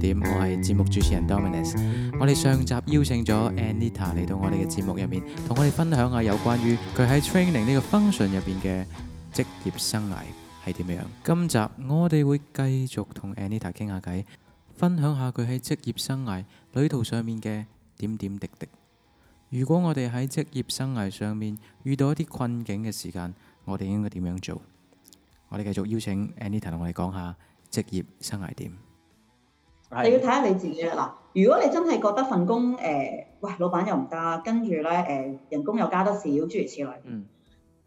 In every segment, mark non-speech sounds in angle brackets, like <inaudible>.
點？我係節目主持人 Dominus。我哋上集邀請咗 Anita 嚟到我哋嘅節目入面，同我哋分享下有關於佢喺 training 呢個 function 入邊嘅職業生涯係點樣。今集我哋會繼續同 Anita 傾下偈，分享下佢喺職業生涯旅途上面嘅點點滴滴。如果我哋喺職業生涯上面遇到一啲困境嘅時間，我哋應該點樣做？我哋繼續邀請 Anita 同我哋講下職業生涯點。你要睇下你自己啦。嗱，如果你真係覺得份工，誒、呃，喂，老闆又唔得，跟住咧，誒、呃，人工又加得少，諸如此類，嗯，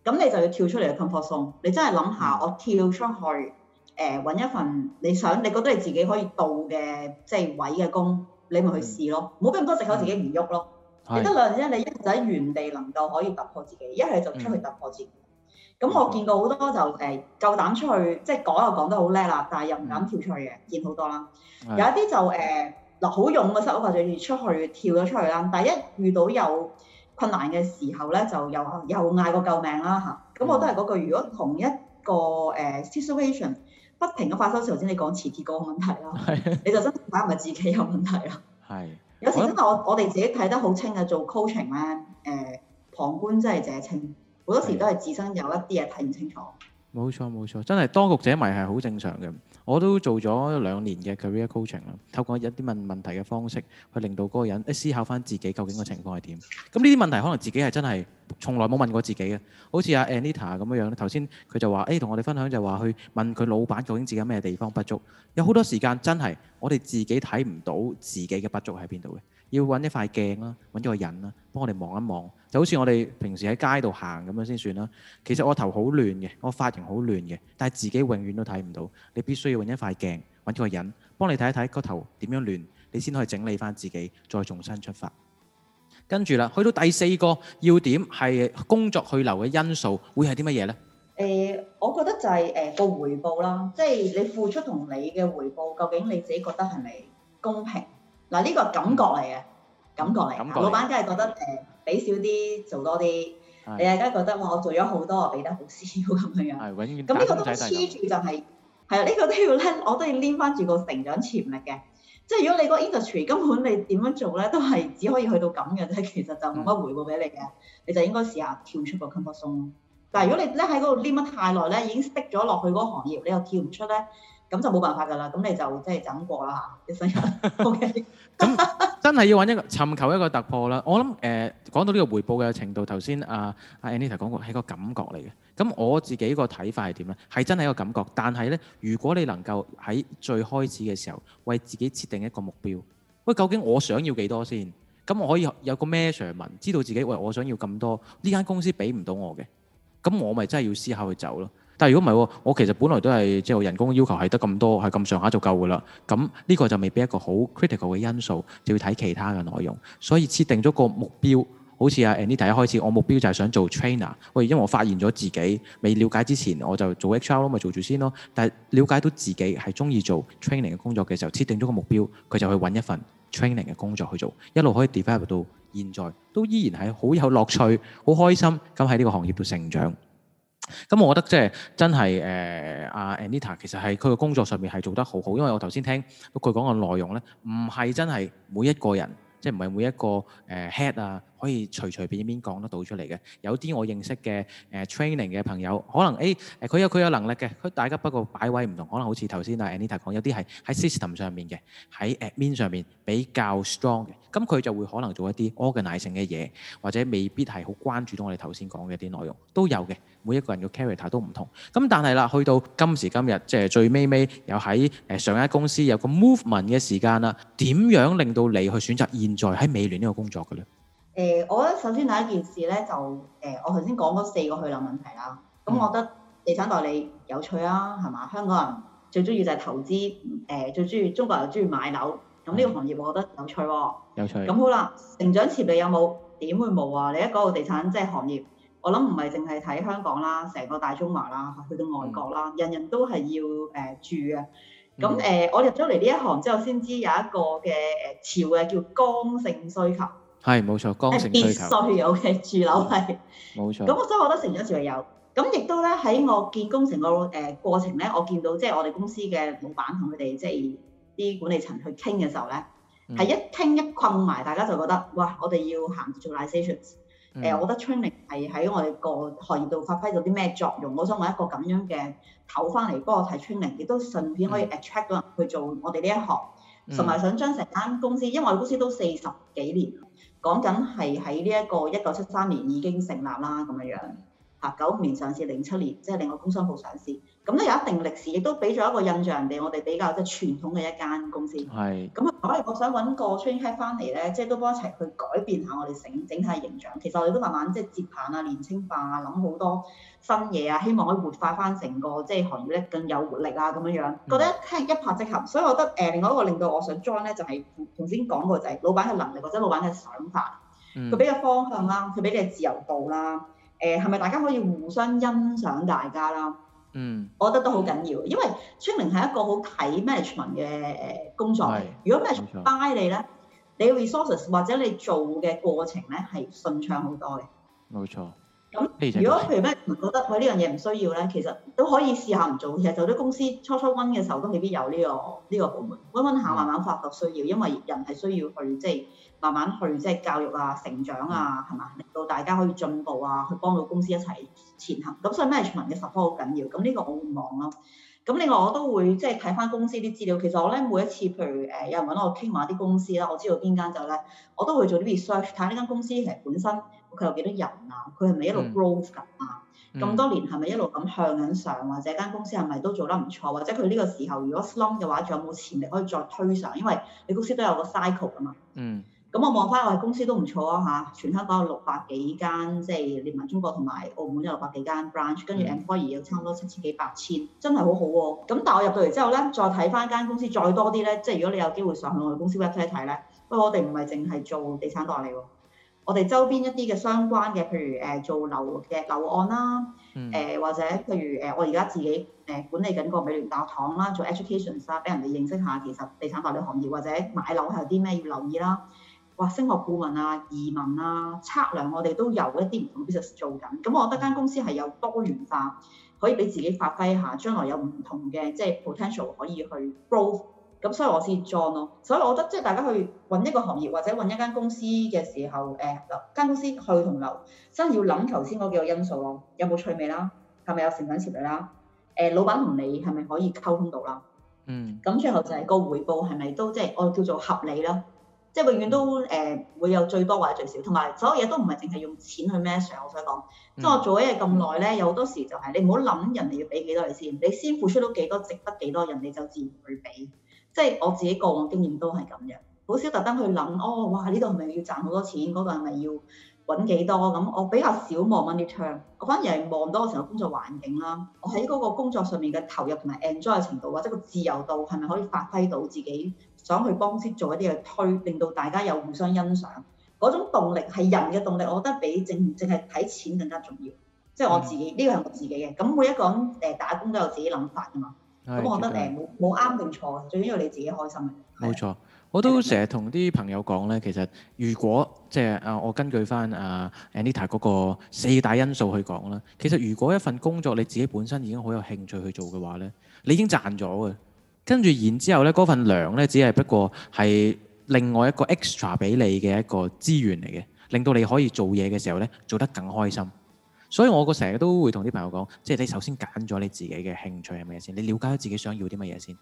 咁你就要跳出嚟嘅 comfort zone。你真係諗下，嗯、我跳出去，誒、呃，揾一份你想、你覺得你自己可以到嘅，即係位嘅工，你咪去試咯。唔好俾咁多借口自己唔喐咯。嗯、你得兩種啫，你一就喺原地能夠可以突破自己，一係就出去突破自己。嗯咁、嗯、我見過好多就誒、呃、夠膽出去，即係講又講得好叻啦，但係又唔敢跳出去嘅見好多啦。是有一啲就誒嗱好勇嘅心，或者越出去跳咗出去啦。但係一遇到有困難嘅時候咧，就又又嗌個救命啦、啊、嚇。咁、啊嗯、我都係嗰句，如果同一個誒、呃、situation 不停嘅發生，頭先你講磁鐵嗰個問題啦，的你就真睇係咪自己有問題啦？係有時因為我我哋自己睇得好清嘅，做 coaching 咧誒、呃、旁觀真係者清。好多時都係自身有一啲嘢睇唔清楚，冇錯冇錯，真係當局者迷係好正常嘅。我都做咗兩年嘅 career coaching 啦，透過一啲問問題嘅方式，去令到嗰個人誒、欸、思考翻自己究竟個情況係點。咁呢啲問題可能自己係真係從來冇問過自己嘅，好似阿 Anita 咁樣樣，頭先佢就話誒同我哋分享就話去問佢老闆究竟自己咩地方不足，有好多時間真係我哋自己睇唔到自己嘅不足喺邊度嘅。要揾一塊鏡啦，揾咗個人啦，幫我哋望一望，就好似我哋平時喺街度行咁樣先算啦。其實我頭好亂嘅，我髮型好亂嘅，但係自己永遠都睇唔到。你必須要揾一塊鏡，揾咗個人幫你睇一睇個頭點樣亂，你先可以整理翻自己，再重新出發。跟住啦，去到第四個要點係工作去留嘅因素，會係啲乜嘢呢？誒，我覺得就係誒個回報啦，即係你付出同你嘅回報，究竟你自己覺得係咪公平？嗱，呢個係感覺嚟嘅。感覺嚟嚇，嗯、老闆梗係覺得誒俾少啲做多啲，的你係都覺得我做咗好多，我俾得好少咁樣樣。係永遠咁呢個都黐住就係係啊，呢、呢個都要咧，我都要黏翻住個成長潛力嘅。即係如果你個 industry 根本你點樣做咧，都係只可以去到咁嘅啫，其實就冇乜回報俾你嘅。的你就應該試下跳出個 comfort zone 但係如果你咧喺嗰度黏得太耐咧，已經 stick 咗落去嗰個行業，你又跳唔出咧，咁就冇辦法㗎啦。咁你就即係就咁過啦嚇，一生人 OK。 <laughs> <laughs> 咁真係要揾一個尋求一個突破啦。我諗誒、呃、講到呢個回報嘅程度，頭先阿阿 Anita 講過係個感覺嚟嘅。咁我自己個睇法係點呢？係真係一個感覺，但係呢，如果你能夠喺最開始嘅時候為自己設定一個目標，喂，究竟我想要幾多先？咁我可以有個 measurement，知道自己喂我想要咁多，呢間公司俾唔到我嘅，咁我咪真係要思考去走咯。但如果唔係，我其實本來都係即係人工要求係得咁多，係咁上下就夠噶啦。咁呢個就未必一個好 critical 嘅因素，就要睇其他嘅內容。所以設定咗個目標，好似阿 Anita 第一開始，我目標就係想做 trainer。喂，因為我發現咗自己未了解之前，我就做 HR 咯，咪做住先咯。但係了解到自己係中意做 training 嘅工作嘅時候，設定咗個目標，佢就去揾一份 training 嘅工作去做，一路可以 develop 到現在，都依然係好有樂趣、好開心。咁喺呢個行業度成長。咁、嗯、我覺得即係真係誒阿 Anita 其實係佢個工作上面係做得好好，因為我頭先聽佢講嘅內容咧，唔係真係每一個人，即係唔係每一個、呃、head 啊。可以隨隨便便講得到出嚟嘅，有啲我認識嘅誒、呃、training 嘅朋友，可能 A 誒佢有佢有能力嘅，佢大家不過擺位唔同，可能好似頭先阿 Anita 講，有啲係喺 system 上面嘅，喺 admin、呃、上面比較 strong 嘅，咁、嗯、佢、嗯、就會可能做一啲 organizing 嘅嘢，或者未必係好關注到我哋頭先講嘅啲內容，都有嘅，每一個人嘅 character 都唔同。咁、嗯、但係啦，去到今時今日，即、就、係、是、最尾尾有喺誒上一公司有個 movement 嘅時間啦，點樣令到你去選擇現在喺美聯呢個工作嘅咧？誒、呃，我覺得首先第一件事咧，就誒、呃，我頭先講嗰四個去留問題啦。咁我覺得地產代理有趣啊，係嘛、嗯？香港人最中意就係投資，誒、呃，最中意中國人又中意買樓，咁呢個行業我覺得有趣喎、啊。有趣、嗯。咁好啦，成長潛力有冇？點會冇啊？你一講地產即係行業，我諗唔係淨係睇香港啦，成個大中華啦，去到外國啦，嗯、人人都係要誒、呃、住嘅。咁誒、呃，我入咗嚟呢一行之後，先知有一個嘅誒潮嘅叫剛性需求。係冇錯，剛性需求必須有嘅住樓係冇、嗯、錯。咁我所以我覺得成咗都持有。咁亦都咧喺我建工程個誒過程咧，我見到即係我哋公司嘅老闆同佢哋即係啲管理層去傾嘅時候咧，係一傾一困埋，大家就覺得哇，我哋要行做大 sessions。誒、嗯呃，我覺得 training 係喺我哋個行業度發揮咗啲咩作用？我想揾一個咁樣嘅頭翻嚟，幫我睇 training，亦都順便可以 attract 到人去做我哋呢一行，同埋、嗯、想將成間公司，因為我哋公司都四十幾年。講緊係喺呢一個一九七三年已經成立啦，咁樣九五年上市年，零七年即係另外工商部上市。咁咧有一定歷史，亦都俾咗一個印象人哋，我哋比較即係、就是、傳統嘅一間公司。係咁是，所以我想揾個 train head 翻嚟咧，即係都幫一齊去改變下我哋整整體形象。其實我哋都慢慢即係接棒啊、年輕化啊，諗好多新嘢啊，希望可以活化翻成個即係行業咧，更有活力啊咁樣樣。覺得一聽一拍即合，所以我覺得誒、呃、另外一個令到我想 join 咧，就係頭先講過，就係老闆嘅能力或者老闆嘅想法，佢俾嘅方向啦，佢俾嘅自由度啦，誒係咪大家可以互相欣賞大家啦？嗯，我覺得都好緊要，因為清明係一個好睇 management 嘅誒工作。是如果 management buy 你錯咧，你 you, resources 或者你做嘅過程咧係順暢好多嘅。冇錯。咁、嗯、這些 如果譬如 management 覺得佢呢樣嘢唔需要咧，其實都可以試下唔做。其實做啲公司初初 run 嘅時候都未必有呢、呢個呢、呢個部門 run run 下慢慢發覺需要，因為人係需要去即係。慢慢去即係教育啊、成長啊，係嘛、嗯？令到大家可以進步啊，去幫到公司一齊前行。咁所以 management 嘅十科好緊要。咁呢個我會望咯。咁另外我都會即係睇翻公司啲資料。其實我咧每一次，譬如誒有人揾我傾話啲公司啦，我知道邊間就咧，我都會做啲 research 睇下呢間公司其實本身佢有幾多人啊？佢係咪一路 growth 緊啊？咁、嗯嗯、多年係咪一路咁向緊上？或者間公司係咪都做得唔錯？或者佢呢個時候如果 slump 嘅話，仲有冇潛力可以再推上？因為你公司都有個 cycle 㗎嘛。嗯。咁我望翻我哋公司都唔錯啊！嚇，全香港有六百幾間，即係連埋中國同埋澳門有六百幾間 branch，跟住 employee 有差唔多七千幾八千，真係好好喎。咁但係我入到嚟之後咧，再睇翻間公司再多啲咧，即係如果你有機會上去我哋公司 web 睇一睇咧，不過，我哋唔係淨係做地產代理喎，我哋周邊一啲嘅相關嘅，譬如誒做樓嘅樓案啦，誒、嗯、或者譬如誒我而家自己誒管理緊個美聯學堂啦，做 education 啦，俾人哋認識下其實地產法律行業或者買樓係有啲咩要留意啦。哇！升學顧問啊、移民啊、測量，我哋都有一啲唔同 business 做緊。咁我覺得間公司係有多元化，可以俾自己發揮下，將來有唔同嘅即係 potential 可以去 growth。咁所以我先 join 咯。所以我覺得即係大家去揾一個行業或者揾一間公司嘅時候，誒、呃、留間公司去同留真係要諗頭先嗰幾個因素咯。有冇趣味啦？係咪有成長潛力啦？誒、呃，老闆同你係咪可以溝通到啦？嗯。咁最後就係個回報係咪都即係我叫做合理啦？即係永遠都誒、呃、會有最多或者最少，同埋所有嘢都唔係淨係用錢去 measure 上，我想講。嗯、即係我做咗嘢咁耐咧，嗯、有好多時就係你唔好諗人哋要俾幾多你先，你先付出到幾多，值得幾多，人哋就自然會俾。即係我自己過往經驗都係咁樣，好少特登去諗，哦，哇！呢度係咪要賺好多錢？嗰度係咪要揾幾多？咁我比較少望緊啲窗，我反而係望多個成個工作環境啦。我喺嗰個工作上面嘅投入同埋 enjoy 程度，或者個自由度係咪可以發揮到自己？想去公司做一啲嘅推，令到大家有互相欣賞。嗰種動力係人嘅動力，我覺得比淨淨係睇錢更加重要。即係我自己，呢個係我自己嘅。咁每一個人誒打工都有自己諗法㗎嘛。咁、嗯、我覺得誒冇冇啱定錯，最緊要你自己開心。冇錯，嗯、我都成日同啲朋友講咧，其實如果即係啊，我根據翻啊 Anita 嗰個四大因素去講啦。其實如果一份工作你自己本身已經好有興趣去做嘅話咧，你已經賺咗嘅。跟住然之後呢，嗰份糧呢，只係不過係另外一個 extra 俾你嘅一個資源嚟嘅，令到你可以做嘢嘅時候呢，做得更開心。所以我個成日都會同啲朋友講，即係你首先揀咗你自己嘅興趣係咩先，你了解咗自己想要啲乜嘢先，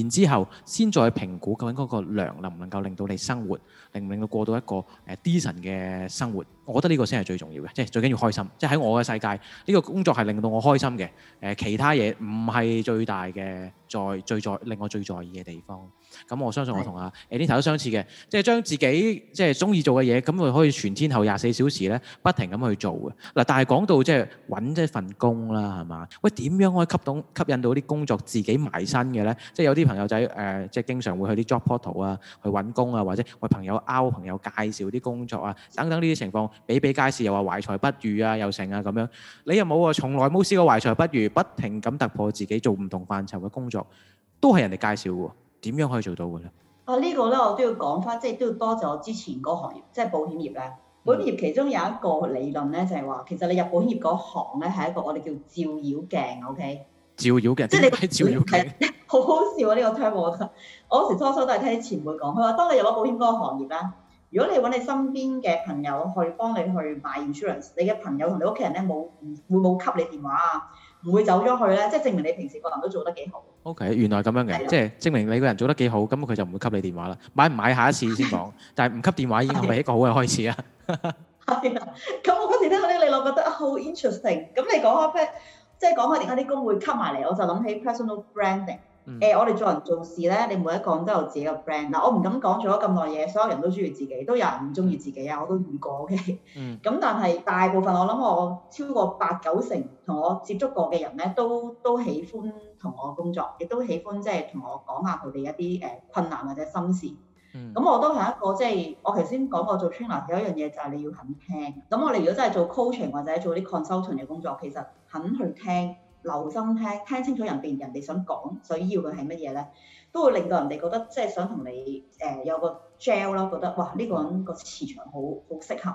然之後先再評估究竟嗰個糧能唔能夠令到你生活，令唔令到過到一個誒 decent 嘅生活。我覺得呢個先係最重要嘅，即係最緊要開心。即係喺我嘅世界，呢、呢個工作係令到我開心嘅。誒，其他嘢唔係最大嘅，在最在令我最在意嘅地方。咁我相信我同阿 Eric 都相似嘅，即係將自己即係中意做嘅嘢，咁佢可以全天候廿四小時咧，不停咁去做嘅。嗱，但係講到即係揾即係份工啦，係嘛？喂，點樣可以吸動吸引到啲工作自己埋身嘅咧？ <laughs> 即係有啲朋友仔誒、呃，即係經常會去啲 job portal 啊，去揾工啊，或者喂朋友拗、朋友介紹啲工作啊，等等呢啲情況。比比皆是，又話懷才不遇啊，又成啊咁樣，你又冇啊，從來冇試過懷才不遇，不停咁突破自己做唔同範疇嘅工作，都係人哋介紹嘅喎，點樣可以做到嘅咧？啊，這個、呢個咧我都要講翻，即、就、係、是、都要多謝我之前嗰行業，即係保險業咧。嗯、保險業其中有一個理論咧，就係、是、話其實你入保險業嗰行咧，係一個我哋叫照妖鏡，OK？照妖鏡，即係你照妖鏡。好、嗯、好笑啊！呢、這個 term 我，我時初初，初都係聽啲前輩講，佢話當你入咗保險嗰個行業咧。如果你揾你身邊嘅朋友去幫你去買 insurance，你嘅朋友同你屋企人咧冇唔會冇給你電話啊，唔會走咗去咧，即係證明你平時個人都做得幾好。O、okay, K，原來咁樣嘅，的即係證明你個人做得幾好，咁佢就唔會給你電話啦。買唔買下一次先講， <laughs> 但係唔給電話已經係一個好嘅開始啦。係啊，咁我嗰時聽到呢，你我覺得好 interesting。咁你講開，即係講開點解啲工會吸埋嚟，我就諗起 personal branding。誒、嗯欸，我哋做人做事咧，你每一個人都有自己嘅 brand 嗱，我唔敢講咗咁耐嘢，所有人都中意自己，都有人唔中意自己啊，我都遇過嘅。咁、 <laughs> 嗯、但係大部分我諗我超過八九成同我接觸過嘅人咧，都都喜歡同我工作，亦都喜歡即係同我講下佢哋一啲誒、呃、困難或者心事。咁、嗯、我都係一個即係、就是、我頭先講過做 trainer 有一樣嘢就係、是、你要肯聽。咁我哋如果真係做 coaching 或者做啲 consulting 嘅工作，其實肯去聽。留心聽，聽清楚人哋人哋想講，所以要嘅係乜嘢咧，都會令到人哋覺得即係想同你誒、呃、有個 gel 啦，覺得哇呢、這個人個磁場好好適合。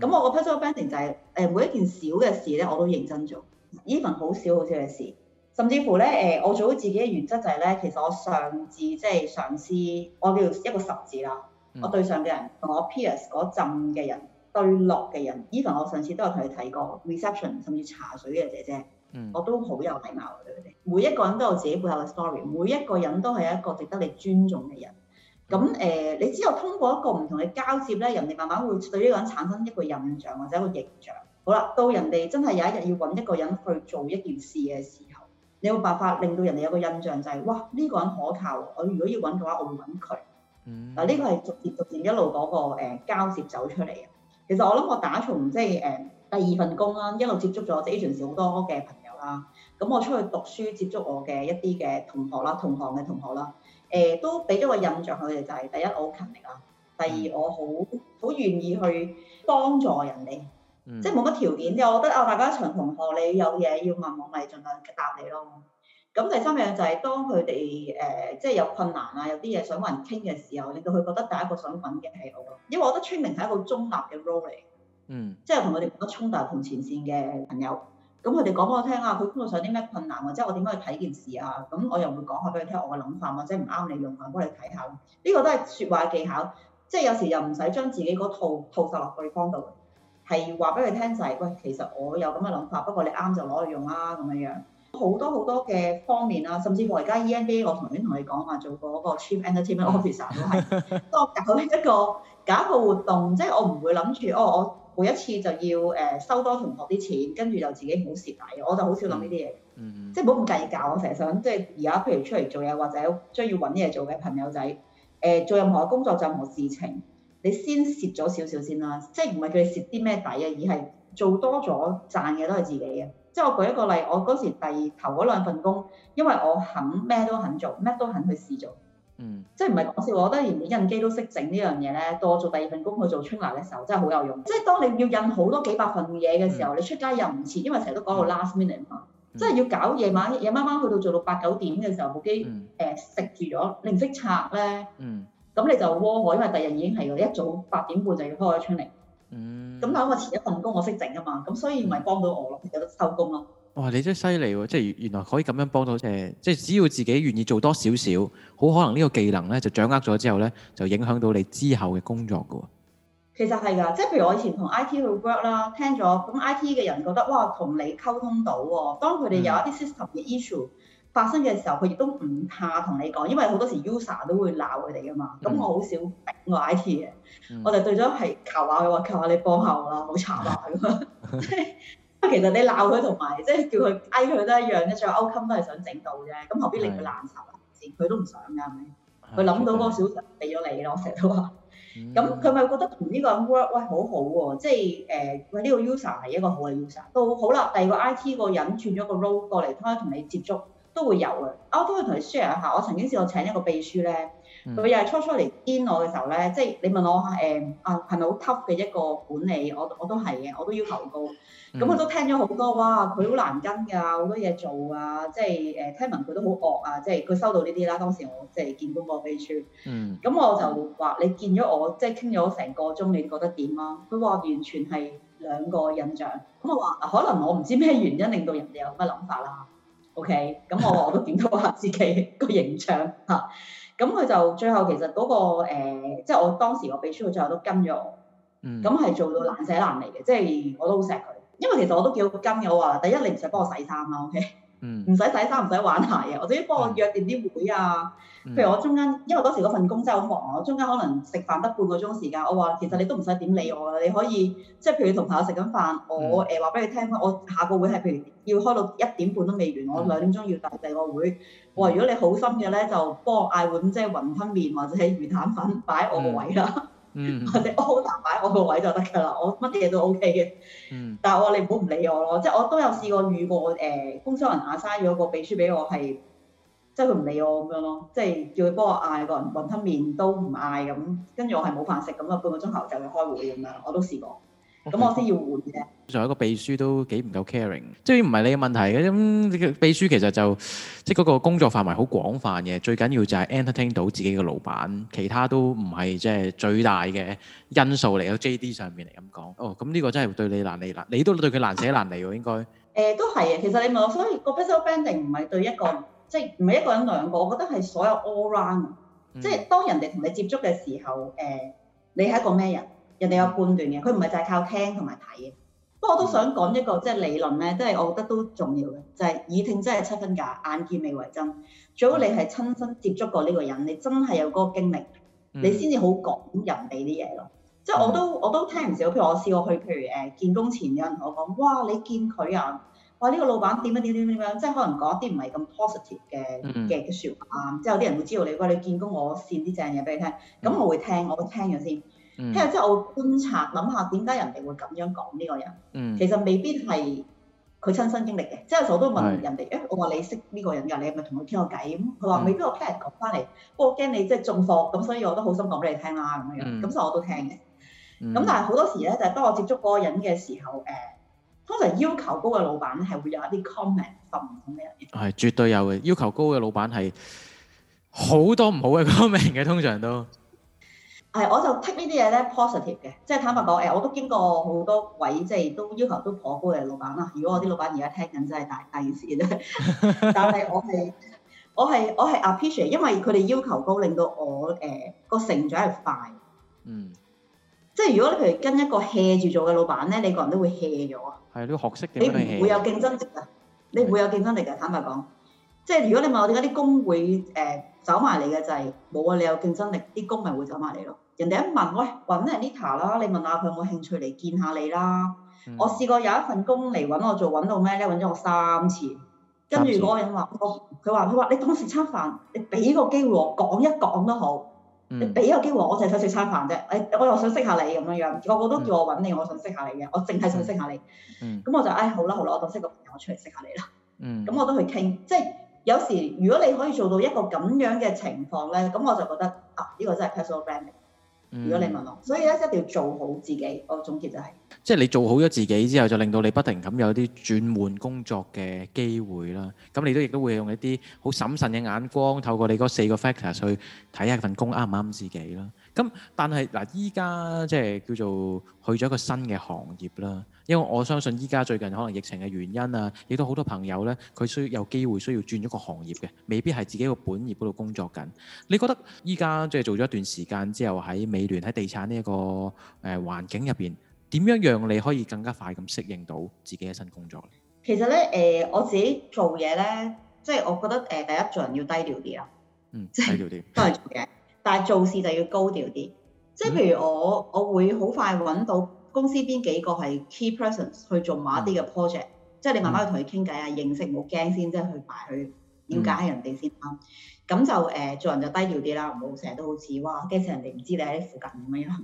咁、嗯、我個 personal branding 就係、是、誒、呃、每一件小嘅事咧，我都認真做。Even 好小好小嘅事，甚至乎咧誒、呃，我做好自己嘅原則就係咧，其實我上至即係上次我叫做一個十字啦，嗯、我對上嘅人同我 peers 嗰陣嘅人對落嘅人，Even 我上次都有同你睇過 reception 甚至茶水嘅姐姐。Mm hmm. 我都好有禮貌嘅，對佢哋，每一個人都有自己背後嘅 story，每一個人都係一個值得你尊重嘅人。咁誒、呃，你只有通過一個唔同嘅交接咧，人哋慢慢會對呢嗰個人產生一個印象或者一個形象。好啦，到人哋真係有一日要揾一個人去做一件事嘅時候，你有冇辦法令到人哋有個印象就係、是，哇！呢、這個人可靠，我如果要揾嘅話，我會揾佢。嗱、mm，呢、hmm. 個係逐漸逐漸一路嗰、那個、呃、交接走出嚟嘅。其實我諗我打從即係誒、呃、第二份工啦、啊，一路接觸咗 agency 好多嘅。啊，咁我出去讀書接觸我嘅一啲嘅同學啦，同行嘅同學啦，誒、呃、都俾咗個印象佢哋就係、是、第一我好勤力啊，第二我好好願意去幫助人哋，嗯、即係冇乜條件，即我覺得啊大家一場同學，你有嘢要問我咪盡量答你咯。咁、嗯、第三樣就係、是、當佢哋誒即係有困難啊，有啲嘢想揾人傾嘅時候，令到佢覺得第一個想揾嘅係我，因為我覺得村明係一個中立嘅 role 嚟，嗯，即係同佢哋冇乜衝突同前線嘅朋友。咁佢哋講俾我聽啊，佢工作上有啲咩困難啊，即係我點樣去睇件事啊？咁我又會講下俾佢聽我嘅諗法，或者唔啱你用啊，幫你睇下。呢、這個都係說話技巧，即係有時又唔使將自己嗰套套曬落對方度，係話俾佢聽就係、是，喂，其實我有咁嘅諗法，不過你啱就攞去用啦咁嘅樣。好多好多嘅方面啊，甚至我而家 EMBA，我頭先同你講話做嗰個 Chief Entertainment Officer <laughs> 都係，我搞一個搞一個活動，即係我唔會諗住哦我。每一次就要誒、呃、收多同學啲錢，跟住就自己唔好蝕底。我就好少諗呢啲嘢，嗯嗯、即係唔好咁計較。我成日想即係而家，譬如出嚟做嘢或者將要揾嘢做嘅朋友仔誒、呃，做任何工作任何事情，你先蝕咗少少先啦，即係唔係佢哋蝕啲咩底啊？而係做多咗賺嘅都係自己嘅。即係我舉一個例，我嗰時第二頭嗰兩份工，因為我肯咩都肯做，咩都肯去試做。嗯、即係唔係講笑，我覺得連啲印機都識整呢樣嘢咧，當我做第二份工去做春 l 嘅時候，真係好有用。即係當你要印好多幾百份嘢嘅時候，嗯、你出街又唔切，因為成日都講到 last minute 嘛。嗯、即係要搞夜晚夜晚晚去到做到八九點嘅時候，部機誒食、嗯呃、住咗，你唔識拆咧，咁、嗯嗯、你就窩喎。因為第日已經係一早八點半就要開咗出嚟。咁睇、嗯、我前一份工我識整啊嘛，咁所以咪幫到我咯，有得收工咯。哇、哦！你真係犀利喎，即係原來可以咁樣幫到即即係只要自己願意做多少少，好可能呢個技能咧就掌握咗之後咧，就影響到你之後嘅工作噶喎、哦。其實係㗎，即係譬如我以前同 I T 去 work 啦，聽咗咁 I T 嘅人覺得哇，同你溝通到喎、哦。當佢哋有一啲 system 嘅 issue 發生嘅時候，佢亦都唔怕同你講，因為好多時 user 都會鬧佢哋㗎嘛。咁我好少揼、嗯、我 I T 嘅，求求我哋對咗係求下佢話求下你幫下我啦，冇插話其實你鬧佢同埋，即係叫佢挨佢都一樣嘅，所有 outcome 都係想整到啫，咁何必令佢難受啊？佢都唔想㗎，係咪？佢諗到嗰小少俾咗你咯，我成日都話。咁佢咪覺得同呢個人 work 喂好好喎，即係誒喂呢個 user 係一個好嘅 user，都好啦。第二個 IT 個人轉咗個 role 過嚟，可以同你接觸，都會有嘅。啊，我都會同你 share 下，我曾經試過請一個秘書咧。佢又係初初嚟 in 我嘅時候咧，即係你問我誒、嗯、啊係咪好 top 嘅一個管理？我我都係嘅，我都要求高。咁、嗯、我都聽咗好多，哇！佢好難跟㗎，好多嘢做啊，即係誒、呃、聽聞佢都好惡啊，即係佢收到呢啲啦。當時我即係見到個秘書，嗯，咁我就話你見咗我即係傾咗成個鐘，你覺得點啊？佢話完全係兩個印象。咁我話可能我唔知咩原因令到人哋有咁嘅諗法啦、啊。OK，咁我話我都檢討下自己個形象嚇。 <laughs> 咁佢就最後其實嗰個誒，即係我當時我秘書佢，最後都跟咗我。嗯。咁係做到難捨難離嘅，即係我都好錫佢，因為其實我都叫佢跟嘅。我話第一，你唔使幫我洗衫啦，OK？唔使、嗯、洗衫，唔使玩鞋嘅，我自己幫我約定啲會啊。嗯、譬如我中間，因為當時嗰份工真係好忙，我中間可能食飯得半個鐘時，時間。我話其實你都唔使點理我啦，你可以即係譬如你同朋友食緊飯，我誒話俾你聽我下個會係譬如要開到一點半都未完，嗯、我兩點鐘要大第個會。我、哦、話如果你好心嘅咧，就幫我嗌碗即係雲吞麵或者魚蛋粉擺我個位啦。嗯呵呵呵 <noise> 或者我好 d e 擺我個位就得㗎啦，我乜嘢都 OK 嘅。但係我話你唔好唔理我咯，即係我都有試過遇過誒，工、呃、商人阿生有個秘書俾我係、就是，即係佢唔理我咁樣咯，即係叫佢幫我嗌個雲吞麵都唔嗌咁，跟住我係冇飯食咁啊，半個鐘頭就去開會咁樣，我都試過。咁我先要回嘅。作為一個秘書都幾唔夠 caring，即係唔係你嘅問題嘅咁、嗯？秘書其實就即係嗰個工作範圍好廣泛嘅，最緊要就係 entertain 到自己嘅老闆，其他都唔係即係最大嘅因素嚟咯。J D 上面嚟咁講。哦，咁呢個真係對你難離難，你都對佢難捨難離喎，應該。欸、都係啊。其實你問我，所以個 personal branding 唔係對一個，即係唔係一個人兩個？我覺得係所有 all round、嗯。即係當人哋同你接觸嘅時候，誒、呃，你係一個咩人？人哋有判斷嘅，佢唔係就係靠聽同埋睇嘅。不過我都想講一個即係理論咧，即係我覺得都重要嘅，就係耳聽真係七分假，眼見未為真。最好你係親身接觸過呢個人，你真係有嗰個經歷，你先至好講人哋啲嘢咯。嗯、即係我都我都聽唔少，譬如我試過去，譬如誒見工前有人同我講，哇！你見佢啊，哇！呢個老闆點啊點點點樣，即係可能講一啲唔係咁 positive 嘅嘅説話。嗯。之後有啲人會知道你，喂，你見工我扇啲正嘢俾你聽，咁我會聽，我會聽咗先聽。聽下之後，我觀察，諗下點解人哋會咁樣講呢個人。其實未必係佢親身經歷嘅。即係我都問是人哋，誒，我話你識呢個人㗎，你係咪同佢傾過偈？佢話未必，我聽人講翻嚟，不過我驚你即係中伏，咁所以我都好心講俾你聽啦，咁樣樣。咁所以我都聽嘅。咁、嗯、但係好多時咧，就係、是、當我接觸嗰個人嘅時候，誒，通常要求高嘅老闆咧，係會有一啲 comment 份咁樣。係絕對有嘅，要求高嘅老闆係好多唔好嘅 comment 嘅，通常都。係，我就 take 呢啲嘢咧 positive 嘅，即係坦白講，誒、欸、我都經過好多位，即係都要求都頗高嘅老闆啦。如果我啲老闆而家聽緊，真係大大件事咧。 <laughs> 但係我係我係我係 appreciate，因為佢哋要求高，令到我誒個、呃、成長係快。嗯，即係如果你譬如跟一個 hea 住做嘅老闆咧，你個人都會 hea 咗。係呢個學識嘅，你唔會有競爭力㗎，嗯、你唔會有競爭力㗎。坦白講。即係如果你問我點解啲工會誒、呃、走埋你嘅就係冇啊！你有競爭力，啲工咪會,會走埋你咯。人哋一問，喂，揾 Anita 啦，你問下佢有冇興趣嚟見下你啦。嗯、我試過有一份工嚟揾我做，揾到咩咧？揾咗我三次，跟住嗰個人話，佢話佢話你當食餐飯，你俾個機會我講一講都好。你俾個機會我，我淨係想食餐飯啫。誒、哎，我又想識下你咁樣樣，個個都叫我揾你，我想識下你嘅，我淨係想識下你。咁我就誒好啦、嗯、好啦，我當識個朋友，我、嗯嗯哦、出嚟識下你啦。咁我都去傾，即係。 <music> 有時如果你可以做到一個咁樣嘅情況咧，咁我就覺得啊，呢個真係 personal branding。如果你問我，所以咧一定要做好自己。我總結就係，即係你做好咗自己之後，就令到你不停咁有啲轉換工作嘅機會啦。咁你都亦都會用一啲好審慎嘅眼光，透過你嗰四個 factors 去睇一份工啱唔啱自己啦。咁但係嗱，依家即係叫做去咗一個新嘅行業啦。因為我相信依家最近可能疫情嘅原因啊，亦都好多朋友呢，佢需要有機會需要轉咗個行業嘅，未必係自己個本業嗰度工作緊。你覺得依家即係做咗一段時間之後，喺美聯喺地產呢一個誒環境入邊，點樣讓你可以更加快咁適應到自己嘅新工作呢？其實呢，誒我自己做嘢呢，即係我覺得誒第一做人要低調啲啊，嗯，即係低調啲，都係做嘅，但係做事就要高調啲，即係譬如我我會好快揾到。公司邊幾個係 key persons 去做某一啲嘅 project，即係你慢慢去同佢傾偈啊，嗯、認識，冇驚先，即係去埋去了、嗯、解人哋先啦。咁就誒、呃，做人就低調啲啦，唔好成日都好似哇，驚死人哋唔知你喺附近咁樣，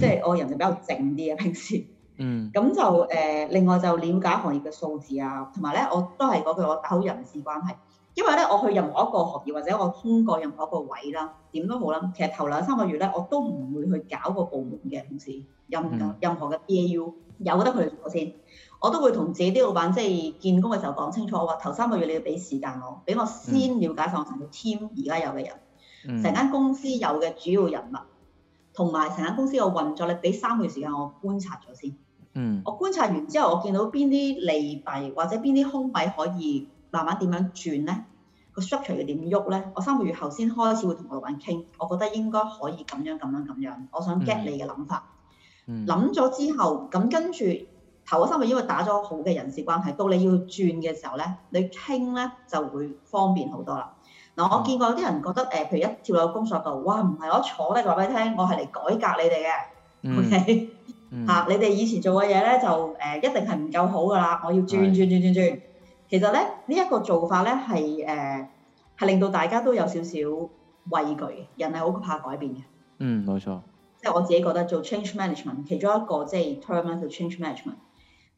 即係我人就比較靜啲嘅平時。嗯，咁、嗯、就誒、呃，另外就了解行業嘅數字啊，同埋咧，我都係嗰句，我打好人事關係。因為咧，我去任何一個行業或者我通過任何一個位啦，點都好啦。其實頭兩三個月咧，我都唔會去搞個部門嘅同事，任何 AU，任何嘅 BAU 有得佢做先。我都會同自己啲老闆即係見工嘅時候講清楚，我話頭三個月你要俾時間我，俾我先了解曬成個 team 而家有嘅人，成、嗯、間公司有嘅主要人物，同埋成間公司嘅運作力，俾三個月時間我觀察咗先。嗯，我觀察完之後，我見到邊啲利弊或者邊啲空位可以。慢慢點樣轉咧？個 structure 要點喐咧？我三個月後先開始會同我老闆傾，我覺得應該可以咁樣咁樣咁樣。我想 get、嗯、你嘅諗法，諗咗、嗯、之後，咁跟住頭嗰三個月因為打咗好嘅人事關係，到你要轉嘅時候咧，你傾咧就會方便好多啦。嗱，我見過有啲人覺得誒、呃，譬如一跳入工作度，哇，唔係我坐低話俾你聽，我係嚟改革你哋嘅，OK，嚇你哋以前做嘅嘢咧就誒、呃、一定係唔夠好噶啦，我要轉轉轉轉轉。是轉轉轉其實咧，呢一個做法咧係誒係令到大家都有少少畏懼嘅，人係好怕改變嘅。嗯，冇錯。即係我自己覺得做 change management 其中一個即係 term 咧叫 change management，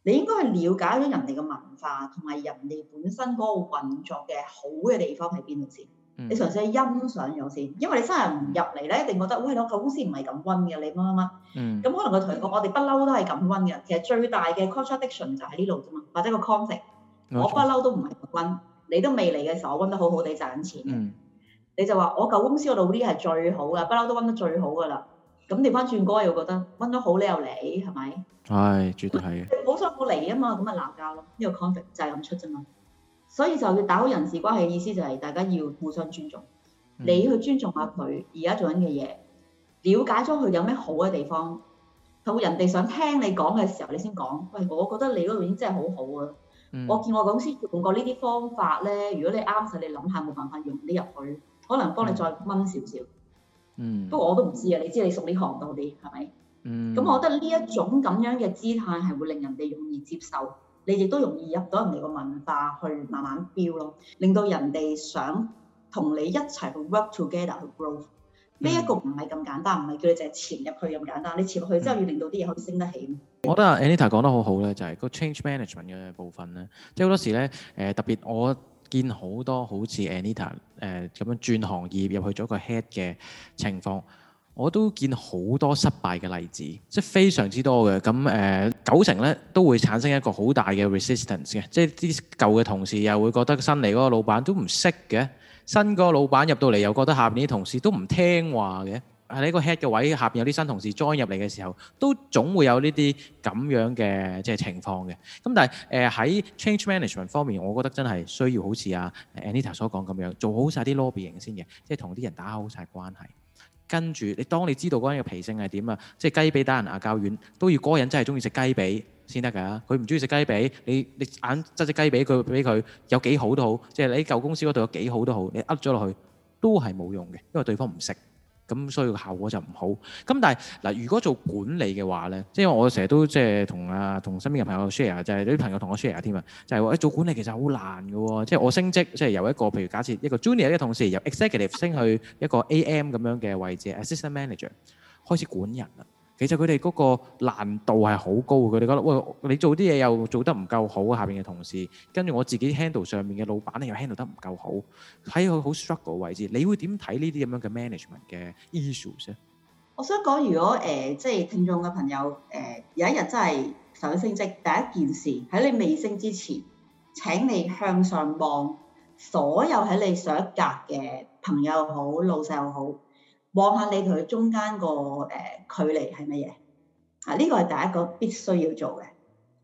你應該去了解咗人哋嘅文化同埋人哋本身嗰個運作嘅好嘅地方喺邊度先。嗯、你嘗試去欣賞咗先，因為你新人入嚟咧一定覺得喂，我、那、舊、個、公司唔係咁温嘅，你乜乜乜。咁、嗯、可能佢同你講：我哋不嬲都係咁温嘅。其實最大嘅 contradiction 就喺呢度啫嘛，或者個 context。我不嬲都唔係温，你都未嚟嘅時候，我温得好好地賺錢。嗯、你就話我舊公司嗰度啲係最好嘅，不嬲都温得最好㗎啦。咁調翻轉過又覺得温得好，你又嚟係咪？係、哎、絕對係。好相我嚟啊嘛，咁咪鬧交咯。呢、這個 conflict 就係咁出啫嘛。所以就要打好人事關係，意思就係大家要互相尊重。你去尊重下佢而家做緊嘅嘢，嗯、了解咗佢有咩好嘅地方，同人哋想聽你講嘅時候，你先講。喂，我覺得你嗰邊真係好好啊。Mm hmm. 我見我公司用過呢啲方法咧，如果你啱曬，你諗下冇辦法用啲入去，可能幫你再掹少少。嗯、mm。Hmm. 不過我都唔知啊，你知你熟呢行多啲係咪？嗯。咁、mm hmm. 我覺得呢一種咁樣嘅姿態係會令人哋容易接受，你亦都容易入到人哋個文化去慢慢 build 咯，令到人哋想同你一齊去 work together 去 grow。咩一、嗯、個唔係咁簡單，唔係叫你淨係潛入去咁簡單。你潛入去之後，要令到啲嘢可以升得起。我覺得 Anita 講得好好咧，就係、是、個 change management 嘅部分咧。即係好多時咧，誒、呃、特別我見到好多好似 Anita 誒、呃、咁樣轉行業入去咗個 head 嘅情況，我都見好多失敗嘅例子，即係非常之多嘅。咁誒、呃、九成咧都會產生一個好大嘅 resistance 嘅，即係啲舊嘅同事又會覺得新嚟嗰個老闆都唔識嘅。新個老闆入到嚟又覺得下邊啲同事都唔聽話嘅，喺一個 head 嘅位下邊有啲新同事 join 入嚟嘅時候，都總會有呢啲咁樣嘅即係情況嘅。咁但係誒喺 change management 方面，我覺得真係需要好似阿、啊、Anita 所講咁樣做好晒啲 lobbying 先嘅，即係同啲人打好晒關係。跟住你當你知道嗰個人嘅脾性係點啊，即係雞髀打人牙骹軟，都要嗰個人真係中意食雞髀先得㗎，佢唔中意食雞髀，你你眼執隻雞髀佢俾佢，有幾好都好，即係你喺舊公司嗰度有幾好都好，你噏咗落去都係冇用嘅，因為對方唔食，咁所以個效果就唔好。咁但係嗱，如果做管理嘅話咧，即係我成日都即係同啊同身邊嘅朋友 share 就係啲朋友同我 share 添啊，就係話一做管理其實好難㗎喎，即係我升職即係由一個譬如假設一個 junior 嘅同事由 executive 升去一個 AM 咁樣嘅位置 assistant manager 開始管人啦。其實佢哋嗰個難度係好高嘅，佢哋覺得喂，你做啲嘢又做得唔夠好，下邊嘅同事，跟住我自己 handle 上面嘅老闆，你又 handle 得唔夠好，喺個好 struggle 位置，你會點睇呢啲咁樣嘅 management 嘅 issues 啊？我想講，如果誒即係聽眾嘅朋友誒，有一日真係想升職，第一件事喺你未升之前，請你向上望，所有喺你上一格嘅朋友好，老細又好。望下你同佢中間個誒、呃、距離係乜嘢？嚇、啊，呢個係第一個必須要做嘅。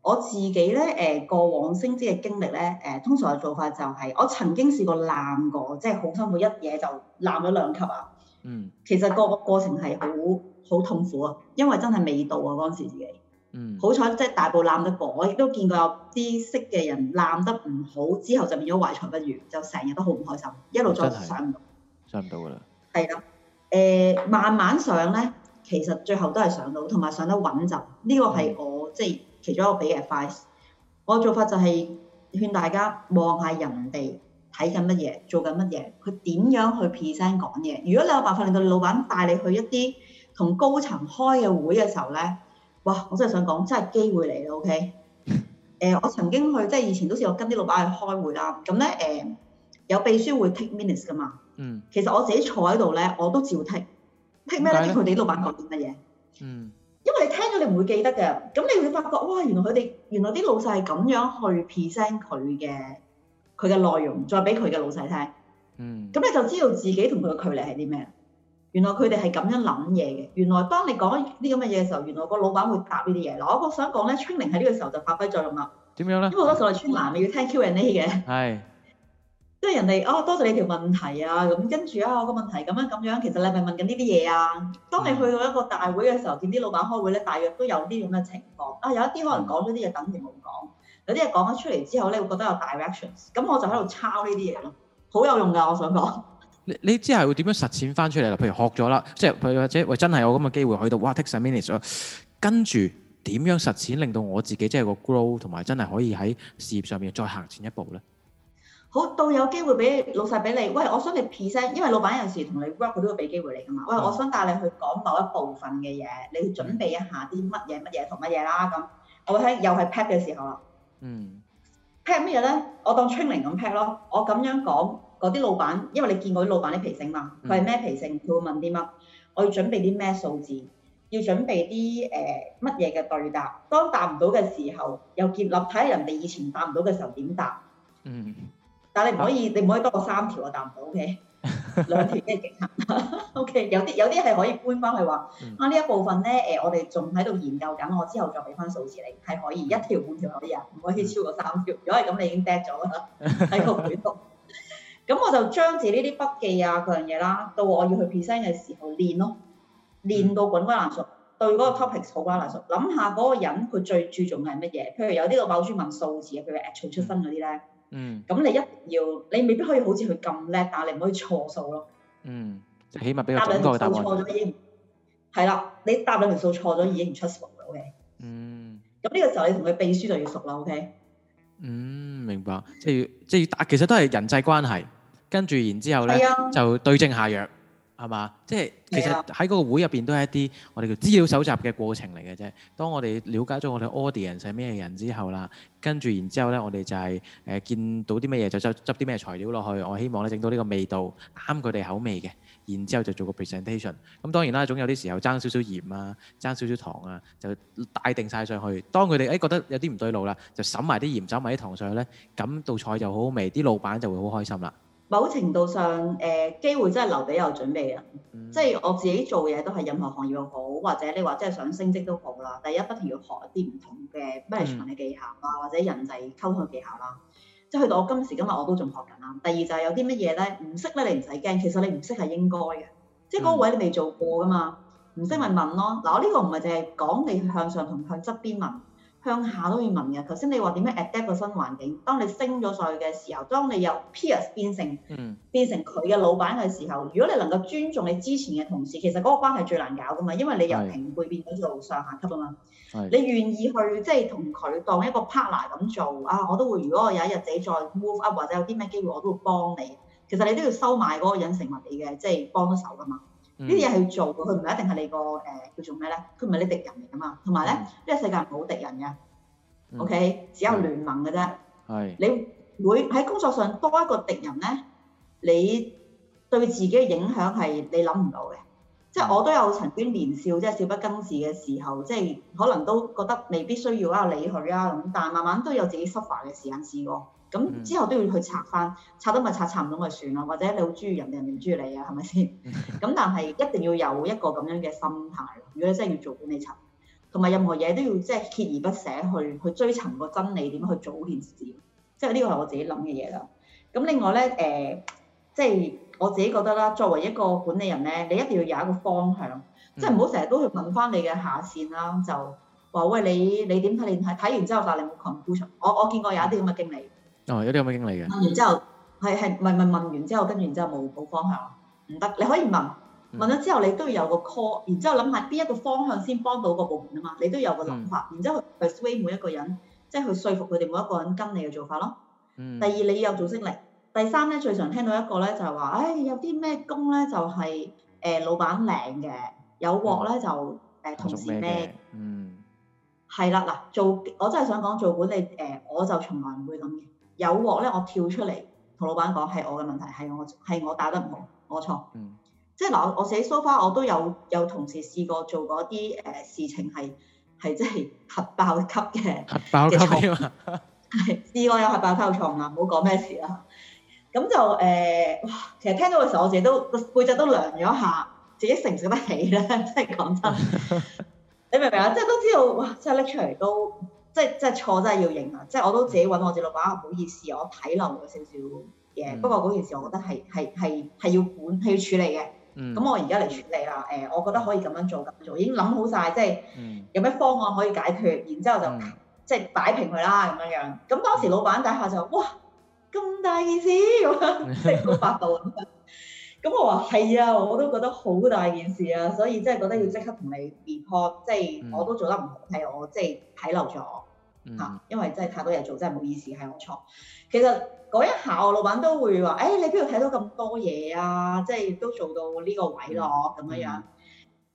我自己咧誒、呃、過往升職嘅經歷咧誒、呃，通常嘅做法就係我曾經試過攬過，即係好辛苦，一嘢就攬咗兩級啊。嗯。其實個個過程係好好痛苦啊，因為真係未到啊嗰陣時自己。嗯。好彩即係大步攬得過，我亦都見過有啲識嘅人攬得唔好，之後就變咗懷才不遇，就成日都好唔開心，一路再上唔到，上唔到㗎啦。係啦。誒、呃、慢慢上咧，其實最後都係上到，同埋上得穩陣。呢、這個係我即係其中一個俾嘅 Advice。我，Advice，我做法就係勸大家望下人哋睇緊乜嘢，做緊乜嘢，佢點樣去 present 講嘢。如果你有辦法令到你老闆帶你去一啲同高層開嘅會嘅時候咧，哇！我真係想講，真係機會嚟嘅。OK 誒，我曾經去即係以前都試過跟啲老闆去開會啦。咁咧誒，有秘書會 take minutes 噶嘛？嗯，其實我自己坐喺度咧，我都照聽，聽咩咧？佢哋老闆講啲乜嘢？嗯，因為你聽咗你唔會記得嘅，咁你會發覺哇，原來佢哋原來啲老細係咁樣去 present 佢嘅佢嘅內容，再俾佢嘅老細聽。嗯，咁你就知道自己同佢嘅距離係啲咩？原來佢哋係咁樣諗嘢嘅。原來當你講啲咁嘅嘢嘅時候，原來個老闆會答呢啲嘢。嗱、嗯，我想講咧，training 喺呢個時候就發揮作用啦。點樣咧？因為我覺得我係 training 你要聽 Q and A 嘅。係。 <laughs> <laughs> 即係人哋哦，多謝你條問題啊！咁、嗯、跟住啊，我個問題咁樣咁樣，其實你咪問緊呢啲嘢啊？當你去到一個大會嘅時候，見啲老闆開會咧，大約都有呢咁嘅情況。啊，有一啲可能講咗啲嘢等於冇講，有啲嘢講咗出嚟之後咧，你會覺得有 directions、嗯。咁我就喺度抄呢啲嘢咯，好有用㗎！我想講你你之後會點樣實踐翻出嚟啦？譬如學咗啦，即係或者喂真係有咁嘅機會去到哇 takes a minute 跟住點樣實踐令到我自己即係個 grow 同埋真係可以喺事業上面再行前一步咧？好到有機會俾老細俾你，喂，我想你 present 因為老闆有時同你 work，佢都會俾機會你㗎嘛。哦、喂，我想帶你去講某一部分嘅嘢，你去準備一下啲乜嘢乜嘢同乜嘢啦咁。我喺又係 pack 嘅時候啦，嗯，pack 咩嘢咧？我當 training 咁 pack 咯。我咁樣講嗰啲老闆，因為你見過啲老闆啲脾性嘛，佢係咩脾性，佢會問啲乜，我要準備啲咩數字，要準備啲誒乜嘢嘅對答。當答唔到嘅時候，又結立睇下人哋以前答唔到嘅時候點答，嗯。但係你唔可以，啊、你唔可以多過三條啊！但唔好 OK。 <laughs> 兩條即係極限。OK，有啲有啲係可以搬翻去話、嗯、啊，呢一部分咧誒、呃，我哋仲喺度研究緊，我之後再俾翻數字你係可以一條半條可以啊，唔可以超過三條。如果係咁，你已經 dead 咗喺個會度。咁 <laughs> <laughs> 我就將自呢啲筆記啊嗰樣嘢啦，到我要去 present 嘅時候練咯，練到滾瓜爛熟，對嗰個 topics 滾瓜爛熟。諗下嗰個人佢最注重係乜嘢？譬如有啲個爆珠文數字啊，譬如 at 出身嗰啲咧。嗯，咁你一定要，你未必可以好似佢咁叻，但係你唔可以錯數咯。嗯，起碼俾個準確嘅答案。答錯咗已經係啦，你答兩條數錯咗已經唔 trustful 嘅嗯，咁呢個時候你同佢秘書就要熟啦。O K。嗯，明白，即係要，即係要打，其實都係人際關係，跟住然之後咧、啊、就對症下藥。係嘛？即係 Yeah. 其實喺嗰個會入邊都係一啲我哋叫資料搜集嘅過程嚟嘅啫。當我哋了解咗我哋 Audience 係咩人之後啦，跟住然之後咧，我哋就係、是、誒、呃、見到啲咩嘢就執執啲咩材料落去。我希望咧整到呢個味道啱佢哋口味嘅，然之後就做個 presentation。咁、嗯、當然啦，總有啲時候爭少少鹽啊，爭少少糖啊，就帶定晒上去。當佢哋誒覺得有啲唔對路啦，就審埋啲鹽，審埋啲糖上咧，咁道菜就好好味，啲老闆就會好開心啦。某程度上，誒、呃、機會真係留畀有準備嘅人！嗯、即係我自己做嘢都係任何行業又好，或者你話真係想升職都好啦。第一，不停要學一啲唔同嘅 management 嘅技巧啦，嗯、或者人際溝通嘅技巧啦。即係去到我今時今日我都仲學緊啊。第二就係有啲乜嘢咧唔識咧，你唔使驚，其實你唔識係應該嘅，即係嗰位你未做過噶嘛，唔識咪問咯。嗱、嗯，我呢個唔係淨係講你向上同向側邊問。向下都要問嘅。頭先你話點樣 adapt 個新環境？當你升咗上去嘅時候，當你由 peer 變成變成佢嘅老闆嘅時候，如果你能夠尊重你之前嘅同事，其實嗰個關係最難搞噶嘛，因為你由平輩變到做上下級啊嘛。是你願意去即係同佢當一個 partner 咁做啊？我都會，如果我有一日自己再 move up 或者有啲咩機會，我都會幫你。其實你都要收買嗰個隱性物議嘅，即係幫得手噶嘛。呢啲嘢係要做嘅，佢唔係一定係你個誒叫做咩咧？佢唔係你敵人嚟噶嘛。同埋咧，呢、嗯、個世界冇敵人嘅、嗯、OK，只有聯盟嘅啫。係、嗯、你會喺工作上多一個敵人咧，你對自己嘅影響係你諗唔到嘅。嗯、即係我都有曾經年少即係少不更事嘅時候，即係可能都覺得未必需要啦、啊，理佢啦咁。但係慢慢都有自己 suffer 嘅時間試過。咁、嗯、之後都要去拆翻，拆到咪拆，拆唔到咪算咯。或者你好中意人哋，人哋中意你啊，係咪先？咁 <laughs> 但係一定要有一個咁樣嘅心態。如果你真係要做管理層，同埋任何嘢都要即係、就是、竭而不捨去去追尋個真理，點樣去做件事。即係呢個係我自己諗嘅嘢啦。咁另外咧，誒、呃，即、就、係、是、我自己覺得啦，作為一個管理人咧，你一定要有一個方向，即係唔好成日都去問翻你嘅下線啦，就話喂，你你點睇？你睇睇完之後話你冇 conclusion。我我見過有一啲咁嘅經理。有啲有嘅經理嘅，oh, 問完之後係係唔係唔係問完之後，跟住然之後冇報方向唔得。你可以問問咗之後，你都要有個 call，然之後諗下邊一個方向先幫到個部門啊嘛。你都 succ personal 有個諗法，然之後去 sway 每一個人，即係去說服佢哋每一個人跟你嘅做法咯。第二你要有組織力。第三咧，最常聽到一個咧就係、是、話：，誒、哎、有啲咩工咧就係、是、誒老闆靚嘅，有鑊咧就誒同事咩？嗯。係 Hä ?啦，嗱 vaz comfortable，做我真係想講做管理誒，我就從來唔會咁嘅。有鑊咧，我跳出嚟同老闆講係我嘅問題，係我係我打得唔好，我錯。嗯，即係嗱，我寫 so far，我都有有同事試過做嗰啲誒事情係係真係核爆級嘅核爆級嘛，呢個重、嗯、有核爆級錯啊！唔好講咩事啦。咁就誒、呃，其實聽到嘅時候，我自己都背脊都涼咗一下，自己承受承得起咧？真係講真， <laughs> 你明唔明啊？即係都知道，哇！真係拎出嚟都～即係即係錯，真係要認啊！即係我都自己揾我自己老闆，唔好意思，我睇漏咗少少嘢。嗯、不過嗰件事，我覺得係係係係要管，係要處理嘅。咁、嗯、我而家嚟處理啦。誒、呃，我覺得可以咁樣做，咁樣做已經諗好晒，即係、嗯、有咩方案可以解決，然之後就、嗯、即係擺平佢啦，咁樣樣。咁當時老闆底下就哇咁大件事，咁樣即係都冇法度。咁我話係啊，我都覺得好大件事啊，所以真係覺得要即刻同你 report，即係我都做得唔好，係我即係睇漏咗嚇、嗯啊，因為真係太多嘢做，真係冇意思，係我錯。其實嗰一下我老闆都會話：誒、哎、你邊度睇到咁多嘢啊？即、就、係、是、都做到呢個位咯，咁樣、嗯、樣。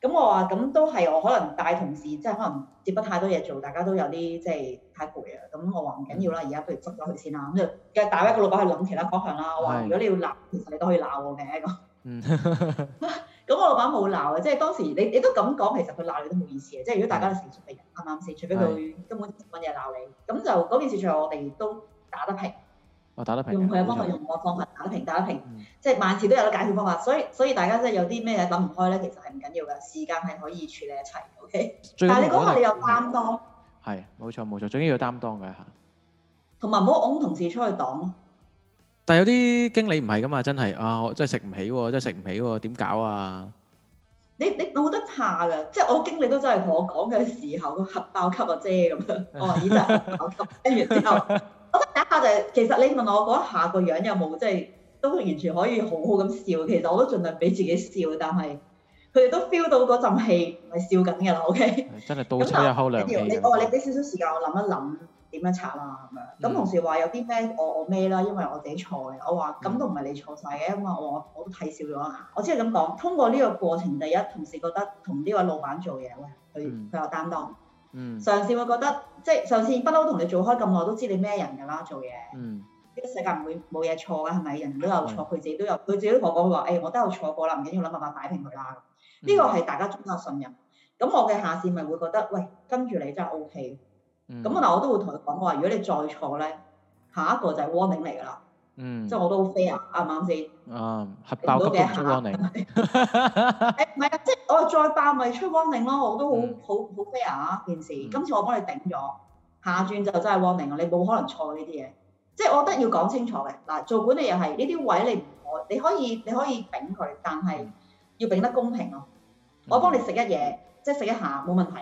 咁、嗯、我話咁都係我可能帶同事，即係可能接得太多嘢做，大家都有啲即係太攰啊。咁我話唔緊要啦，而家不如執咗佢先啦。咁就而家大一個老闆去諗其他方向啦。我話如果你要鬧，其實你都可以鬧我嘅咁。咁、 <laughs> 嗯、 <laughs> <laughs> 我老闆冇鬧嘅，即係當時你你都咁講，其實佢鬧你都冇意思嘅。即係如果大家係成熟嘅人，啱啱先？除非佢根本揾嘢鬧你，咁是就嗰件事最後我哋都打得平。我打得平，用佢嘅方法，用我方法打得平，打得平，即係萬事都有得解決方法，所以所以大家真係有啲咩諗唔開咧，其實係唔緊要嘅，時間係可以處理一齊，OK。但係你講話你有擔當，係冇錯冇錯，最緊要擔當嘅嚇。同埋唔好㧬同事出去擋。但係有啲經理唔係噶嘛，真係啊，真係食唔起喎，真係食唔起喎，點搞啊？你你我覺得怕㗎，即係我經理都真係同我講嘅時候，核爆級啊姐咁樣，我話，熱頭，跟住之後。我覺得一下就係，其實你問我嗰一下個樣有冇即係都完全可以好好咁笑。其實我都盡量俾自己笑，但係佢哋都 feel 到嗰陣氣係笑緊㗎啦。OK，真係倒抽一口涼氣。哦，你俾少少時間我諗一諗點樣拆啦咁樣。咁同時話有啲咩我我孭啦，因為我自己錯嘅。我話咁都唔係你錯晒嘅，因為我我都睇少咗一下。我只係咁講，通過呢個過程，第一同時覺得同呢位老闆做嘢，佢佢有擔當。嗯嗯，上線我覺得，即係上線不嬲同你做開咁耐都知你咩人㗎啦，做嘢，呢個、嗯、世界唔會冇嘢錯㗎，係咪？人人都有錯，佢的自己都有，佢自己都講講佢話，誒、哎、我都有錯過啦，唔緊要，諗辦法擺平佢啦。呢個係大家增加信任。咁、嗯、我嘅下線咪會覺得，喂，跟住你真係 O K。咁嗱、嗯、我都會同佢講話，如果你再錯咧，下一個就係 warning 嚟㗎啦。嗯，即係我都好 fair，啱唔啱先？啱，合包出 w a 唔係啊， <laughs> <laughs> 欸、即係我再爆咪出 warning 咯，我都好好好 fair 啊件事。嗯、今次我幫你頂咗，下轉就真係 warning 你，冇可能錯呢啲嘢，即係我覺得要講清楚嘅嗱，做管理又係呢啲位你唔可，你可以你可以，你可以頂佢，但係要頂得公平咯、啊。嗯、我幫你食一嘢，即係食一下冇問題。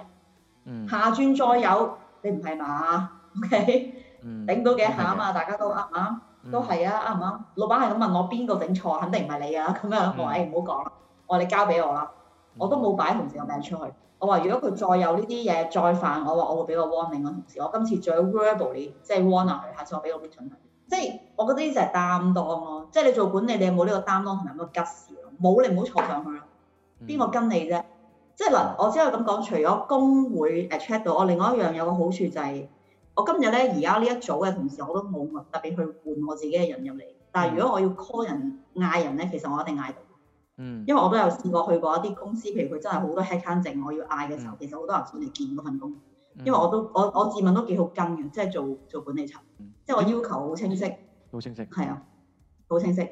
嗯。下轉再有，你唔係嘛？OK。嗯。頂到幾下啊嘛？大家都啱唔啱？都係啊，啱唔啱？老闆係咁問我邊個整錯，肯定唔係你啊！咁樣我話，誒唔好講啦，我話、嗯哎、你交俾我啦，嗯、我都冇擺同事個名出去。我話如果佢再有呢啲嘢再犯，我話我會俾個 warning 個同事。我今次最 verbal 啲，即係 warn 佢，下次我俾個 retention 即係我覺得呢啲就係擔當咯。即係你做管理，你有冇呢個擔當同埋咁嘅急事？冇你唔好坐上去咯。邊個跟你啫？嗯、即係嗱，我只係咁講，除咗工會誒 check 到，我另外一樣有個好處就係、是。我今日咧，而家呢一組嘅同事我都冇特別去換我自己嘅人入嚟。但係如果我要 call 人嗌人咧，其實我一定嗌到。嗯，因為我都有試過去過一啲公司，譬如佢真係好多 headcount 我要嗌嘅時候，嗯、其實好多人上嚟見嗰份工。嗯、因為我都我我自問都幾好跟嘅，即係做做管理層，嗯、即係我要求好清晰，好清晰，係啊，好清晰。誒、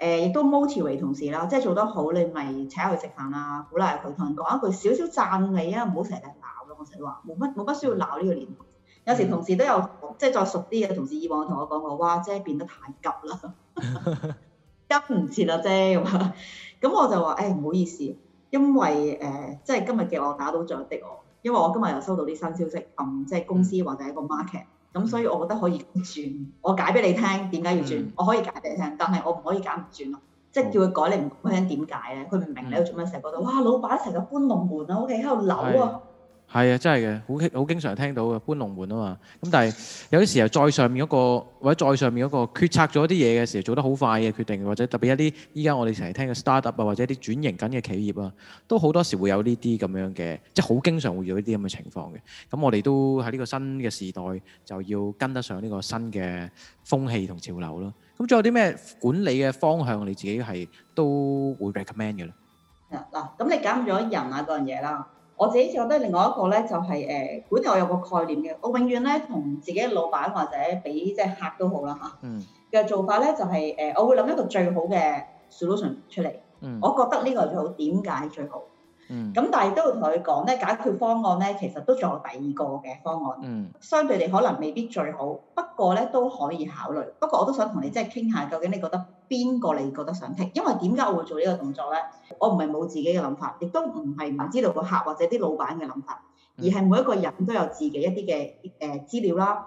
呃，亦都 motivate 同事啦，即係做得好，你咪請佢食飯啦，鼓勵佢，同人講一句少少讚你啊，唔好成日鬧咯。我成日話冇乜冇乜需要鬧呢個年。有時同事都有即係再熟啲嘅同事，以往同我講過，哇！即係變得太急啦， <laughs> 跟唔切啦啫咁。咁我就話，誒、欸、唔好意思，因為誒、呃、即係今日嘅我打到咗的我，因為我今日又收到啲新消息，嗯，即係公司或者一個 market，咁所以我覺得可以轉。我解俾你聽點解要轉，嗯、我可以解俾你聽，但係我唔可以解唔轉咯。即係叫佢改你唔講聽點解咧，佢唔明你喺做咩，成日講到，哇！老闆成日搬龍門啊，我企喺度扭啊。係啊，真係嘅，好好經常聽到嘅，搬龍門啊嘛。咁但係有啲時候，在上面嗰個或者在上面嗰個決策咗啲嘢嘅時候，做得好快嘅決定，或者特別一啲依家我哋成日聽嘅 startup 啊，或者啲轉型緊嘅企業啊，都好多時會有呢啲咁樣嘅，即係好經常會有呢啲咁嘅情況嘅。咁我哋都喺呢個新嘅時代就要跟得上呢個新嘅風氣同潮流咯。咁仲有啲咩管理嘅方向你自己係都會 recommend 嘅咧？嗱，咁你揀咗人啊嗰樣嘢啦。我自己覺得另外一個咧就係、是、誒，呃、管理我有個概念嘅，我永遠咧同自己嘅老闆或者俾即係客都好啦嚇。嗯。嘅做法咧就係、是、誒、呃，我會諗一個最好嘅 solution 出嚟。嗯。我覺得呢個係最好，點解最好？咁、嗯、但係都要同佢講咧，解決方案咧，其實都仲有第二個嘅方案，嗯，相對地可能未必最好，不過咧都可以考慮。不過我都想同你即係傾下，究竟你覺得邊個你覺得想聽？因為點解我會做呢個動作咧？我唔係冇自己嘅諗法，亦都唔係唔知道個客或者啲老闆嘅諗法，而係每一個人都有自己一啲嘅誒資料啦，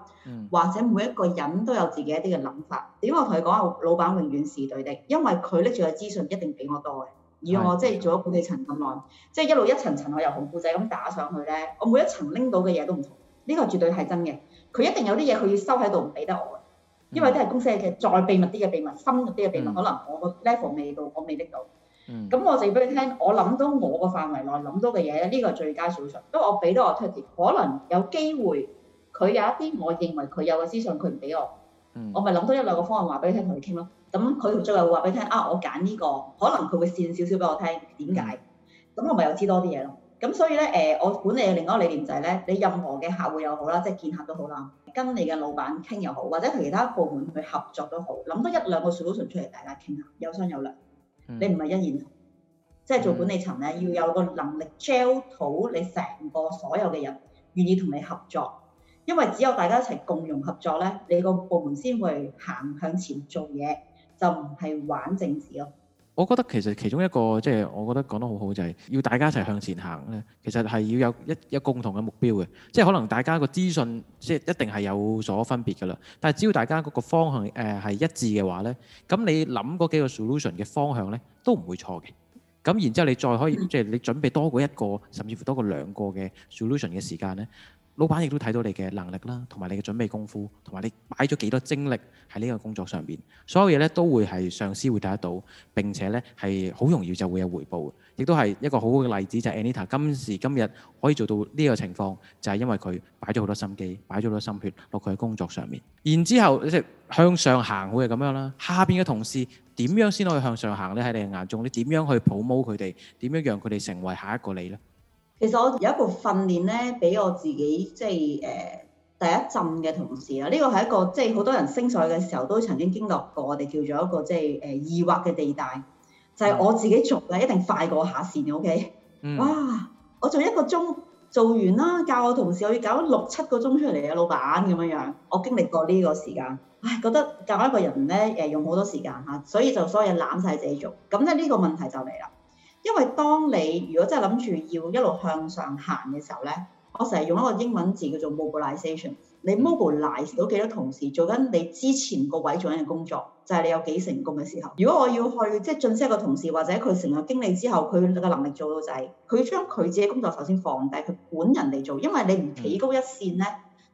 或者每一個人都有自己一啲嘅諗法。點解我同佢講啊？老闆永遠是對的，因為佢拎住嘅資訊一定比我多嘅。而我即係做咗好幾層咁耐，即係一路一層層我由紅褲仔咁打上去咧，我每一層拎到嘅嘢都唔同，呢、這個絕對係真嘅。佢一定有啲嘢佢要收喺度唔俾得我嘅，因為都係公司嘅嘅再秘密啲嘅秘密、深啲嘅秘密，嗯、可能我個 level 未到，我未拎到。嗯。咁我就要俾你聽，我諗到我，範圍我到、這個範圍內諗到嘅嘢咧，呢個係最佳資訊。不過我俾到我 t u 可能有機會佢有一啲我認為佢有嘅資訊佢唔俾我。嗯、我咪諗多一兩個方案話俾你聽，同你傾咯。咁佢同最近會話俾你聽啊！我揀呢、這個，可能佢會線少少俾我聽、嗯嗯、我點解？咁我咪又知多啲嘢咯。咁所以咧，誒，我管理嘅另一個理念就係、是、咧，你任何嘅客戶又好啦，即係見客都好啦，跟你嘅老闆傾又好，或者同其他部門去合作都好，諗多一兩個 solution 出嚟，大家傾下，有商有量。嗯、你唔係一言堂，即係做管理層咧，要有個能力 gel 好你成個所有嘅人願意同你合作，因為只有大家一齊共融合作咧，你個部門先會行向前做嘢。就唔係玩政治咯。我覺得其實其中一個即係，我覺得講得好好就係要大家一齊向前行咧。其實係要有一一共同嘅目標嘅，即係可能大家個資訊即係一定係有所分別㗎啦。但係只要大家嗰個方向誒係一致嘅話咧，咁你諗嗰幾個 solution 嘅方向咧都唔會錯嘅。咁然之後你再可以即係你準備多過一個甚至乎多過兩個嘅 solution 嘅時間咧。老闆亦都睇到你嘅能力啦，同埋你嘅準備功夫，同埋你擺咗幾多精力喺呢個工作上面。所有嘢咧都會係上司會睇得到，並且咧係好容易就會有回報亦都係一個好好嘅例子。就係 Anita 今時今日可以做到呢個情況，就係因為佢擺咗好多心機，擺咗好多心血落佢嘅工作上面。然之後即係向上行會係咁樣啦，下邊嘅同事點樣先可以向上行咧？喺你嘅眼中，你點樣去 promote 佢哋？點樣讓佢哋成為下一個你咧？其實我有一個訓練咧，俾我自己即係誒、呃、第一陣嘅同事啦。呢個係一個即係好多人升上去嘅時候都曾經經歷過，我哋叫做一個即係誒、呃、疑惑嘅地帶，就係、是、我自己做嘅一定快過下線，OK？嗯。哇！我做一個鐘做完啦，教我同事我要搞六七個鐘出嚟啊，老闆咁樣樣。我經歷過呢個時間，唉，覺得教一個人咧誒用好多時間嚇，所以就所有攬晒自己做，咁咧呢個問題就嚟啦。因為當你如果真係諗住要一路向上行嘅時候咧，我成日用一個英文字叫做 mobilization。你 mobilize 到幾多同事做緊你之前個位做緊嘅工作，就係你有幾成功嘅時候。如果我要去即係晉升一個同事，或者佢成為經理之後，佢個能力做到就係佢將佢自己工作首先放低，佢本人嚟做。因為你唔企高一線咧，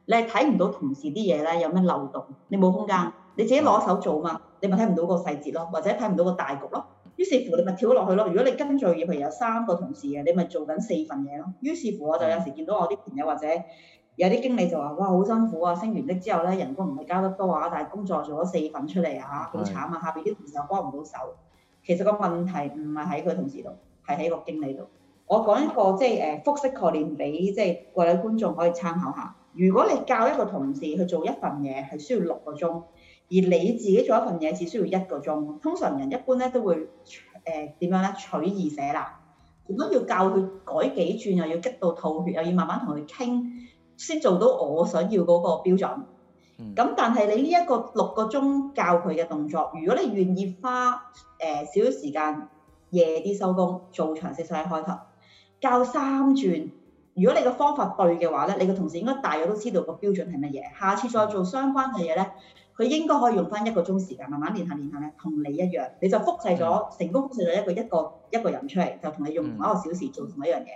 你係睇唔到同事啲嘢咧有咩漏洞，你冇空間，你自己攞手做嘛，你咪睇唔到個細節咯，或者睇唔到個大局咯。於是乎你咪跳落去咯。如果你跟聚業，譬如有三個同事嘅，你咪做緊四份嘢咯。於是乎我就有時見到我啲朋友 <noise> 或者有啲經理就話： <noise> 哇，好辛苦啊！升完的之後咧，人工唔係交得多啊，但係工作做咗四份出嚟啊，嚇，好慘啊！ <noise> 下邊啲同事又幫唔到手。其實個問題唔係喺佢同事度，係喺個經理度。我講一個即係誒複式概念俾即係各位觀眾可以參考下。如果你教一個同事去做一份嘢係需要六個鐘，而你自己做一份嘢只需要一個鐘，通常人一般咧都會誒點、呃、樣咧取而捨啦。如果要教佢改幾轉，又要激到吐血，又要慢慢同佢傾，先做到我想要嗰個標準。咁、嗯、但係你呢一個六個鐘教佢嘅動作，如果你願意花誒少少時間夜啲收工做長勢勢，開頭教三轉，如果你嘅方法對嘅話咧，你嘅同事應該大約都知道個標準係乜嘢。下次再做相關嘅嘢咧，佢應該可以用翻一個鐘時間，慢慢練下練下咧，同你一樣，你就複製咗，成功複製咗一個一個一個人出嚟，就同你用同一個小時做同一樣嘢。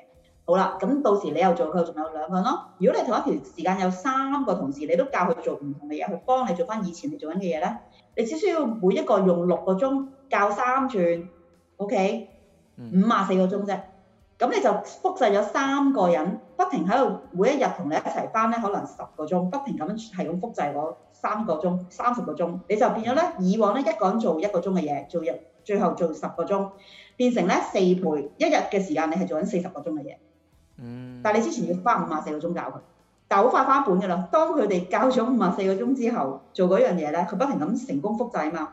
<noise> 好啦，咁到時你又做，佢仲有兩個咯。如果你同一條時間有三個同事，你都教佢做唔同嘅嘢，去幫你做翻以前你做緊嘅嘢咧，你只需要每一個用六個鐘教三轉，OK，五啊四個鐘啫。 <noise> <noise> 咁你就複製咗三個人，不停喺度每一日同你一齊翻咧，可能十個鐘，不停咁樣係咁複製咗三個鐘、三十個鐘，你就變咗咧。以往咧一個人做一個鐘嘅嘢，做一最後做十個鐘，變成咧四倍，一日嘅時間你係做緊四十個鐘嘅嘢。嗯。但係你之前要花五啊四個鐘教佢，但係好快翻本㗎啦。當佢哋教咗五啊四個鐘之後，做嗰樣嘢咧，佢不停咁成功複製嘛。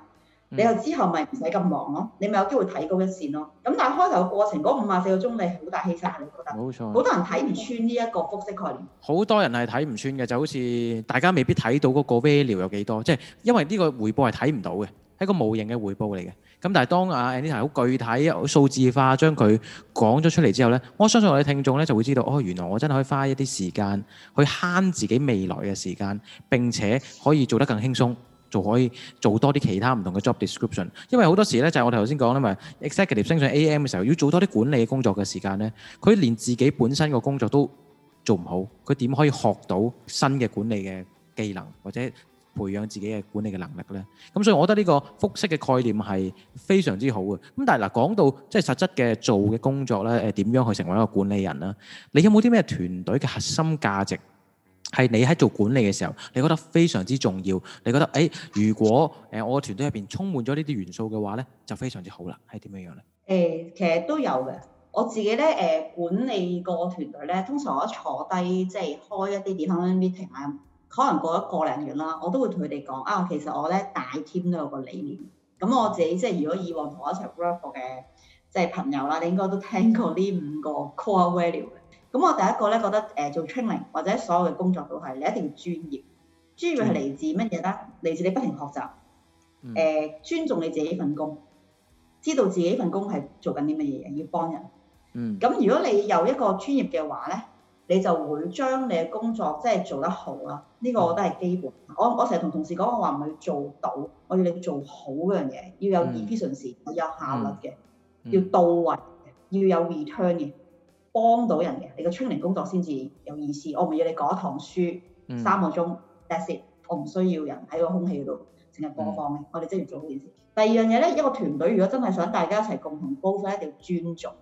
你又、嗯、之後咪唔使咁忙咯，你咪有機會睇高一線咯。咁但係開頭嘅過程嗰五十四個鐘你好大犧牲，你覺得？冇錯。好多人睇唔穿呢一個複式概念。好多人係睇唔穿嘅，就好似大家未必睇到嗰個 value 有幾多，即係因為呢個回報係睇唔到嘅，係個無形嘅回報嚟嘅。咁但係當阿 Anita 好具體、好數字化將佢講咗出嚟之後咧，我相信我哋聽眾咧就會知道，哦，原來我真係可以花一啲時間去慳自己未來嘅時間，並且可以做得更輕鬆。就可以做多啲其他唔同嘅 job description，因為好多時咧就係、是、我哋頭先講啦嘛，executive 升上 AM 嘅時候要做多啲管理嘅工作嘅時間咧，佢連自己本身個工作都做唔好，佢點可以學到新嘅管理嘅技能或者培養自己嘅管理嘅能力咧？咁所以我覺得呢個複式嘅概念係非常之好嘅。咁但係嗱講到即係實質嘅做嘅工作咧，誒點樣去成為一個管理人啦？你有冇啲咩團隊嘅核心價值？係你喺做管理嘅時候，你覺得非常之重要。你覺得誒、欸，如果誒、呃、我個團隊入邊充滿咗呢啲元素嘅話咧，就非常之好啦。係點樣樣咧？誒、欸，其實都有嘅。我自己咧誒、呃、管理個團隊咧，通常我一坐低即係開一啲 department meeting 啊，可能過一個零月啦，我都會同佢哋講啊。其實我咧大 team 都有個理念。咁我自己即係如果以往同我一齊 work 過嘅即係朋友啦，你應該都聽過呢五個 core value。咁我第一個咧覺得誒、呃、做 training 或者所有嘅工作都係你一定要專業，專業係嚟自乜嘢咧？嚟、嗯、自你不停學習，誒、嗯呃、尊重你自己份工，知道自己份工係做緊啲乜嘢嘅，要幫人。嗯。咁如果你有一個專業嘅話咧，你就會將你嘅工作即係、就是、做得好啦。呢、這個我覺得係基本。嗯、我我成日同同事講，我話唔係做到，我要你做好嗰樣嘢，要有 efficiency，嗯、有效率嘅、嗯，要到位嘅，要有 return 嘅。幫到人嘅，你個 training 工作先至有意思。我唔要你講一堂書、嗯、三個鐘、that's it、但是我唔需要人喺個空氣度成日播放嘅。嗯、我哋即係做呢件事。第二樣嘢咧，一個團隊如果真係想大家一齊共同 buffer，一定要尊重。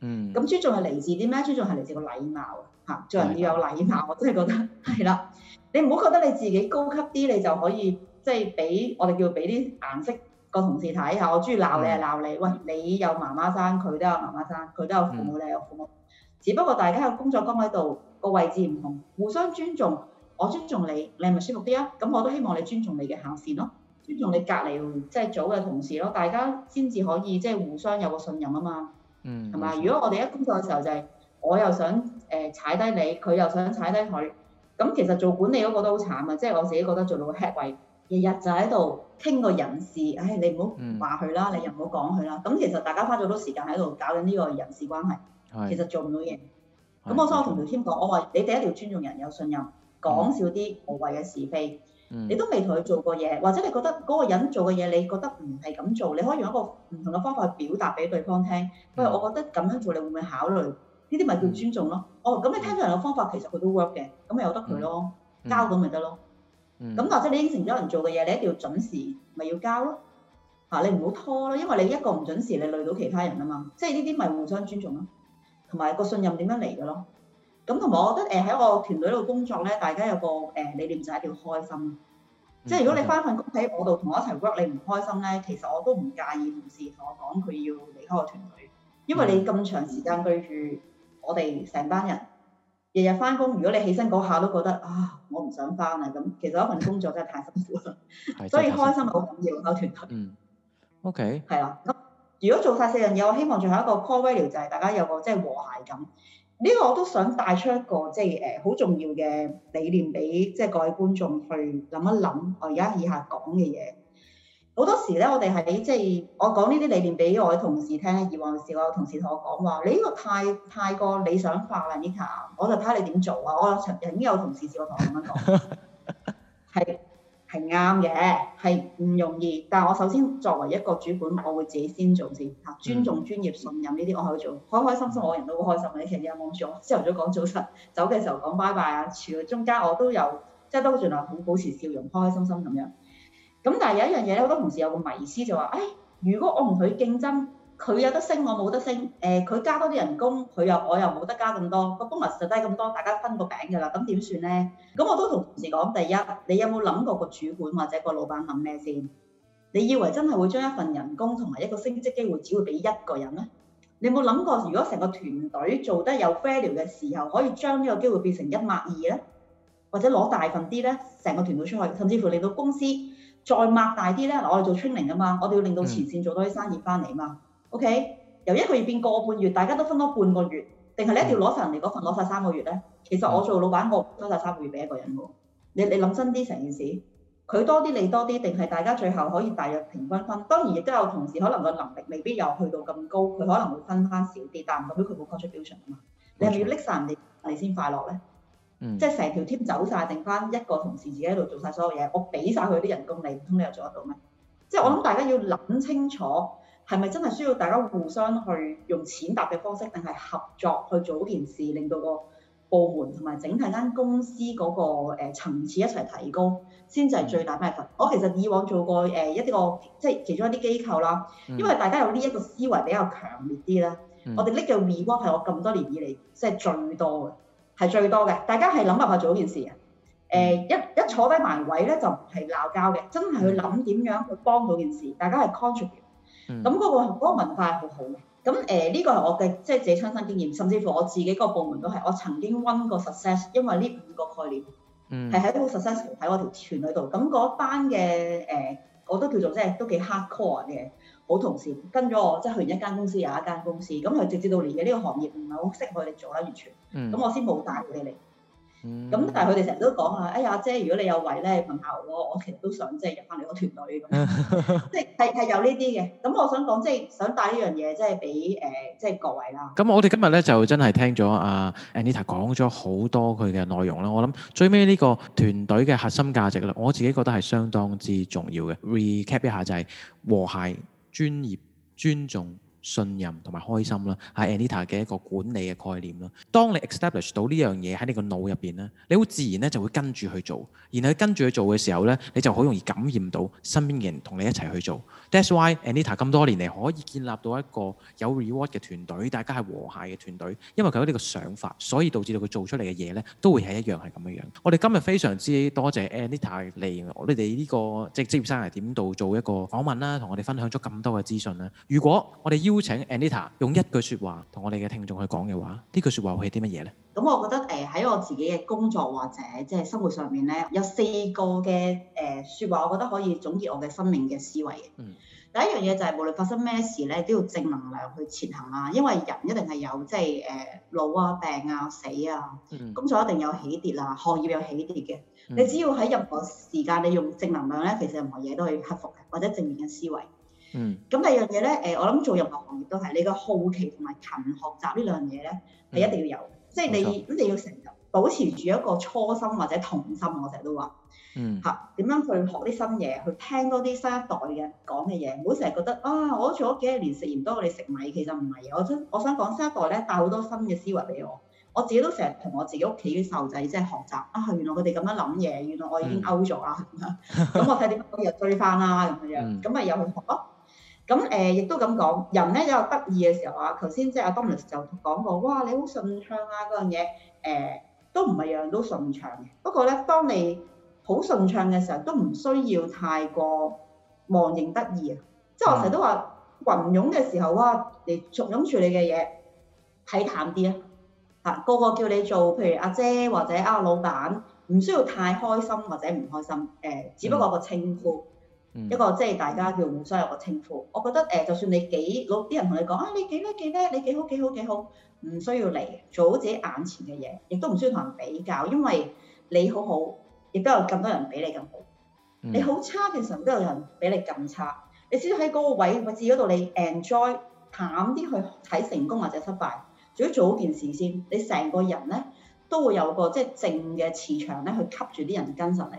嗯。咁、嗯、尊重係嚟自啲咩、啊？尊重係嚟自個禮貌嚇。做人要有禮貌，我真係覺得係啦對吧。你唔好覺得你自己高級啲，你就可以即係俾我哋叫俾啲顏色。個同事睇下，我中意鬧你係鬧你，喂，你有媽媽生，佢都有媽媽生，佢都有父母，你有父母。嗯、只不過大家喺個工作崗位度，個位置唔同，互相尊重，我尊重你，你係咪舒服啲啊？咁我都希望你尊重你嘅下線咯，尊重你隔離即係、就是、組嘅同事咯，大家先至可以即係、就是、互相有個信任啊嘛。嗯，係嘛吧？嗯、如果我哋一工作嘅時候就係、是、我又想誒、呃、踩低你，佢又想踩低佢，咁其實做管理嗰個都好慘啊，即、就、係、是、我自己覺得做到個 head 位。日日就喺度傾個人事，唉、哎，你唔好話佢啦，你又唔好講佢啦。咁其實大家花咗好多時間喺度搞緊呢個人事關係，是其實做唔到嘢。咁是我所以我同條添講，我話你一定要尊重人，有信任，講少啲、嗯、無謂嘅是非。你都未同佢做過嘢，或者你覺得嗰個人做嘅嘢，你覺得唔係咁做，你可以用一個唔同嘅方法去表達俾對方聽。不過我覺得咁樣做，你會唔會考慮？呢啲咪叫尊重咯。哦，咁你聽到人嘅方法，其實佢都 work 嘅，咁咪由得佢咯，嗯、交到咪得咯。咁或者你應承咗人做嘅嘢，你一定要準時，咪要交咯嚇、啊，你唔好拖咯，因為你一個唔準時，你累到其他人啊嘛，即係呢啲咪互相尊重咯，同埋個信任點樣嚟嘅咯。咁同埋我覺得誒喺、呃、我團隊度工作咧，大家有個誒、呃、理念就係一定要開心，嗯、即係如果你返份工喺我度同我一齊 work，你唔開心咧，其實我都唔介意同事同我講佢要離開我團隊，因為你咁長時間對住，嗯、我哋成班人。日日翻工，如果你起身嗰下都覺得啊，我唔想翻啦咁，其實一份工作真係太辛苦啦。 <laughs> 的所以開心好重要，溝團隊。嗯。O K。係 <noise> 啦，咁 Okay. 如果做晒四樣嘢，我希望最後一個 core value 就係大家有個即係和諧感。呢個我都想帶出一個即係誒好重要嘅理念俾即係各位觀眾去諗一諗。我而家以下講嘅嘢。好多時咧，我哋喺即係我講呢啲理念俾我嘅同事聽，以往時我有同事同我講話，你呢個太太過理想化啦，Nita，我就睇你點做啊！我曾經有同事試過同我咁樣講，係係啱嘅，係唔容易。但係我首先作為一個主管，我會自己先做先嚇，尊重專業、信任呢啲，我可以做，開開心心，我人都好開心嘅。其實有冇咁做？朝頭早講早晨，走嘅時候講拜拜啊，除咗中間我都有，即係都盡量好保持笑容，開開心心咁樣。咁但係有一樣嘢咧，好多同事有個迷思就話：誒、哎，如果我同佢競爭，佢有得升我冇得升，誒、呃，佢加多啲人工，佢又我又冇得加咁多，個 bonus 就低咁多，大家分個餅㗎啦，咁點算咧？咁我都同同事講：第一，你有冇諗過個主管或者個老闆諗咩先？你以為真係會將一份人工同埋一個升職機會，只會俾一個人咧？你有冇諗過，如果成個團隊做得有 fairly 嘅時候，可以將呢個機會變成一物二咧，或者攞大份啲咧，成個團隊出去，甚至乎你個公司。再擘大啲咧，嗱，我哋做 training 啊嘛，我哋要令到前線做多啲生意翻嚟啊嘛。嗯、OK，由一個月變個半月，大家都分多半個月，定係你一定要攞晒人哋嗰份，攞晒三個月咧？其實我做老闆，我唔攞曬三個月俾一個人喎。你，你諗真啲成件事，佢多啲你多啲，定係大家最後可以大約平均分？當然亦都有同事可能個能力未必又去到咁高，佢可能會分翻少啲，但唔代表佢冇 contribution 啊嘛。你係咪要拎晒人哋你先快樂咧？嗯、即係成條 team 走晒，剩翻一個同事自己喺度做晒所有嘢，我俾晒佢啲人工，你唔通你又做得到咩？嗯、即係我諗大家要諗清楚，係咪真係需要大家互相去用錢搭嘅方式，定係合作去做件事，令到個部門同埋整體間公司嗰個誒層次一齊提高，先就係最大嘅部分、嗯、我其實以往做過誒一啲個,一個即係其中一啲機構啦，因為大家有呢一個思維比較強烈啲啦。嗯、我哋拎嘅 reward 係我咁多年以嚟即係最多嘅。係最多嘅，大家係諗辦法做件事嘅。誒、嗯呃，一一坐低埋位咧，就唔係鬧交嘅，真係去諗點樣去幫到件事。大家係 contribute，咁嗰、嗯嗰個嗰個文化係好好嘅。咁誒呢個係我嘅即係自己親身經驗，甚至乎我自己嗰個部門都係我曾經 win 過 success，因為呢五個概念係喺好 success 嘅喺我條團裏度。咁嗰班嘅誒、呃，我都叫做即係都幾 hardcore 嘅。好同事跟咗我，即係去完一間公司又一間公司，咁佢直接到嚟嘅呢個行業唔係好適合佢哋做啦，完全。咁我先冇帶佢哋嚟。咁但係佢哋成日都講啊，哎呀姐，如果你有位咧，問下我，我其實都想即係入翻你個團隊。即係係係有呢啲嘅。咁我想講即係想帶呢樣嘢，即係俾誒即係各位啦。咁我哋今日咧就真係聽咗阿 Anita 講咗好多佢嘅內容啦。我諗最尾呢個團隊嘅核心價值啦，我自己覺得係相當之重要嘅。Recap 一下就係和諧。專業、尊重、信任同埋開心啦，係 Anita 嘅一個管理嘅概念啦。當你 establish 到呢樣嘢喺你個腦入邊咧，你好自然咧就會跟住去做。然後跟住去做嘅時候咧，你就好容易感染到身邊嘅人同你一齊去做。That's why Anita 咁多年嚟可以建立到一個有 reward 嘅團隊，大家係和諧嘅團隊，因為佢有呢個想法，所以導致到佢做出嚟嘅嘢咧都會係一樣係咁樣樣。我哋今日非常之多謝 Anita 嚟，我哋呢個即係職業生涯點度做一個訪問啦，同我哋分享咗咁多嘅資訊啦。如果我哋要，邀請 Anita 用一句説話同我哋嘅聽眾去講嘅話，呢句説話會係啲乜嘢咧？咁我覺得誒喺我自己嘅工作或者即係生活上面咧，有四個嘅誒説話，我覺得可以總結我嘅生命嘅思維嘅。第一樣嘢就係無論發生咩事咧，都要正能量去前行啊！因為人一定係有即係誒老啊、病啊、嗯、死啊、嗯，工作一定有起跌啊，行業有起跌嘅。你只要喺任何時間，你用正能量咧，其實任何嘢都可以克服嘅，或者正面嘅思維。嗯，咁第二樣嘢咧，誒，我諗做任何行業都係你個好奇同埋勤學習呢兩樣嘢咧，係一定要有，嗯、即係你一定錯要成日保持住一個初心或者童心，我成日都話，嗯，嚇點樣去學啲新嘢，去聽多啲新一代嘅講嘅嘢，唔好成日覺得啊，我做咗幾廿年食鹽多過你，你食米。其實唔係我想我想講新一代咧帶好多新嘅思維俾我，我自己都成日同我自己屋企啲細路仔即係學習，啊，原來佢哋咁樣諗嘢，原來我已經 out 咗啦，咁我睇點樣可以又追翻啦，咁、嗯、樣，咁、嗯、咪、嗯嗯、又去學咯。咁誒，亦、呃、都咁講，人咧有得意嘅時候啊，頭先即係阿 Dominic 就講、是、過，哇，你好順暢啊嗰樣嘢，誒、呃、都唔係樣樣都順暢嘅。不過咧，當你好順暢嘅時候，都唔需要太過忘形得意啊。即、就、係、是、我成日都話，雲、嗯、湧嘅時候，哇，你簇擁住你嘅嘢，睇淡啲啊。嚇，個個叫你做，譬如阿姐或者阿老闆，唔需要太開心或者唔開心，誒、呃，只不過個稱呼。嗯嗯、一個即係大家叫互相有個稱呼。我覺得誒、呃，就算你幾老啲人同你講啊，你幾叻幾叻，你幾好幾好幾好，唔需要嚟做好自己眼前嘅嘢，亦都唔需要同人比較，因為你好好，亦都有咁多人比你咁好。嗯、你好差嘅時候，都有人比你咁差。你只要喺嗰個位位置嗰度，你 enjoy 淡啲去睇成功或者失敗。做要做好件事先，你成個人咧都會有個即係正嘅磁場咧，去吸住啲人跟上嚟。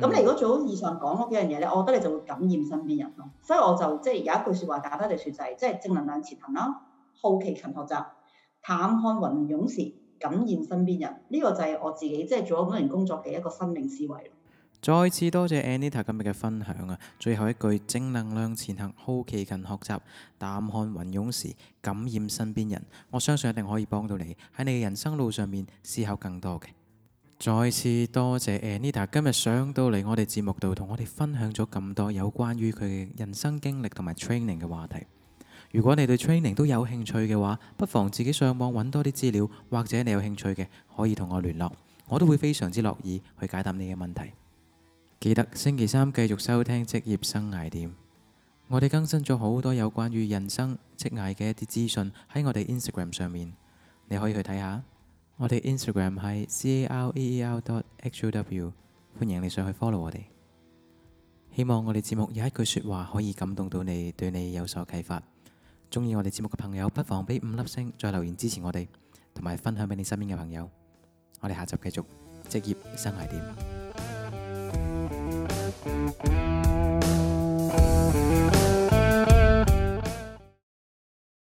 咁、嗯、你如果做好以上講嗰幾樣嘢咧，我覺得你就會感染身邊人咯。所以我就即係有一句說話簡單地說就係、是，即係正能量前行啦，好奇勤學習，淡看雲湧時，感染身邊人。呢、這個就係我自己即係做咗嗰份工作嘅一個生命思維。再次多謝 Anita 今日嘅分享啊！最後一句正能量前行，好奇勤學習，淡看雲湧時，感染身邊人。我相信一定可以幫到你喺你嘅人生路上面思考更多嘅。再次多謝 Anita 今日上到嚟我哋節目度同我哋分享咗咁多有關於佢嘅人生經歷同埋 training 嘅話題。如果你對 training 都有興趣嘅話，不妨自己上網揾多啲資料，或者你有興趣嘅可以同我聯絡，我都會非常之樂意去解答你嘅問題。記得星期三繼續收聽職業生涯點。我哋更新咗好多有關於人生職涯嘅一啲資訊喺我哋 Instagram 上面，你可以去睇下。我哋 Instagram 係 Career.how，歡迎你上去 follow 我哋。希望我哋節目有一句說話可以感動到你，對你有所啟發。中意我哋節目嘅朋友，不妨俾五粒星，再留言支持我哋，同埋分享俾你身邊嘅朋友。我哋下集繼續職業生涯點。 <music>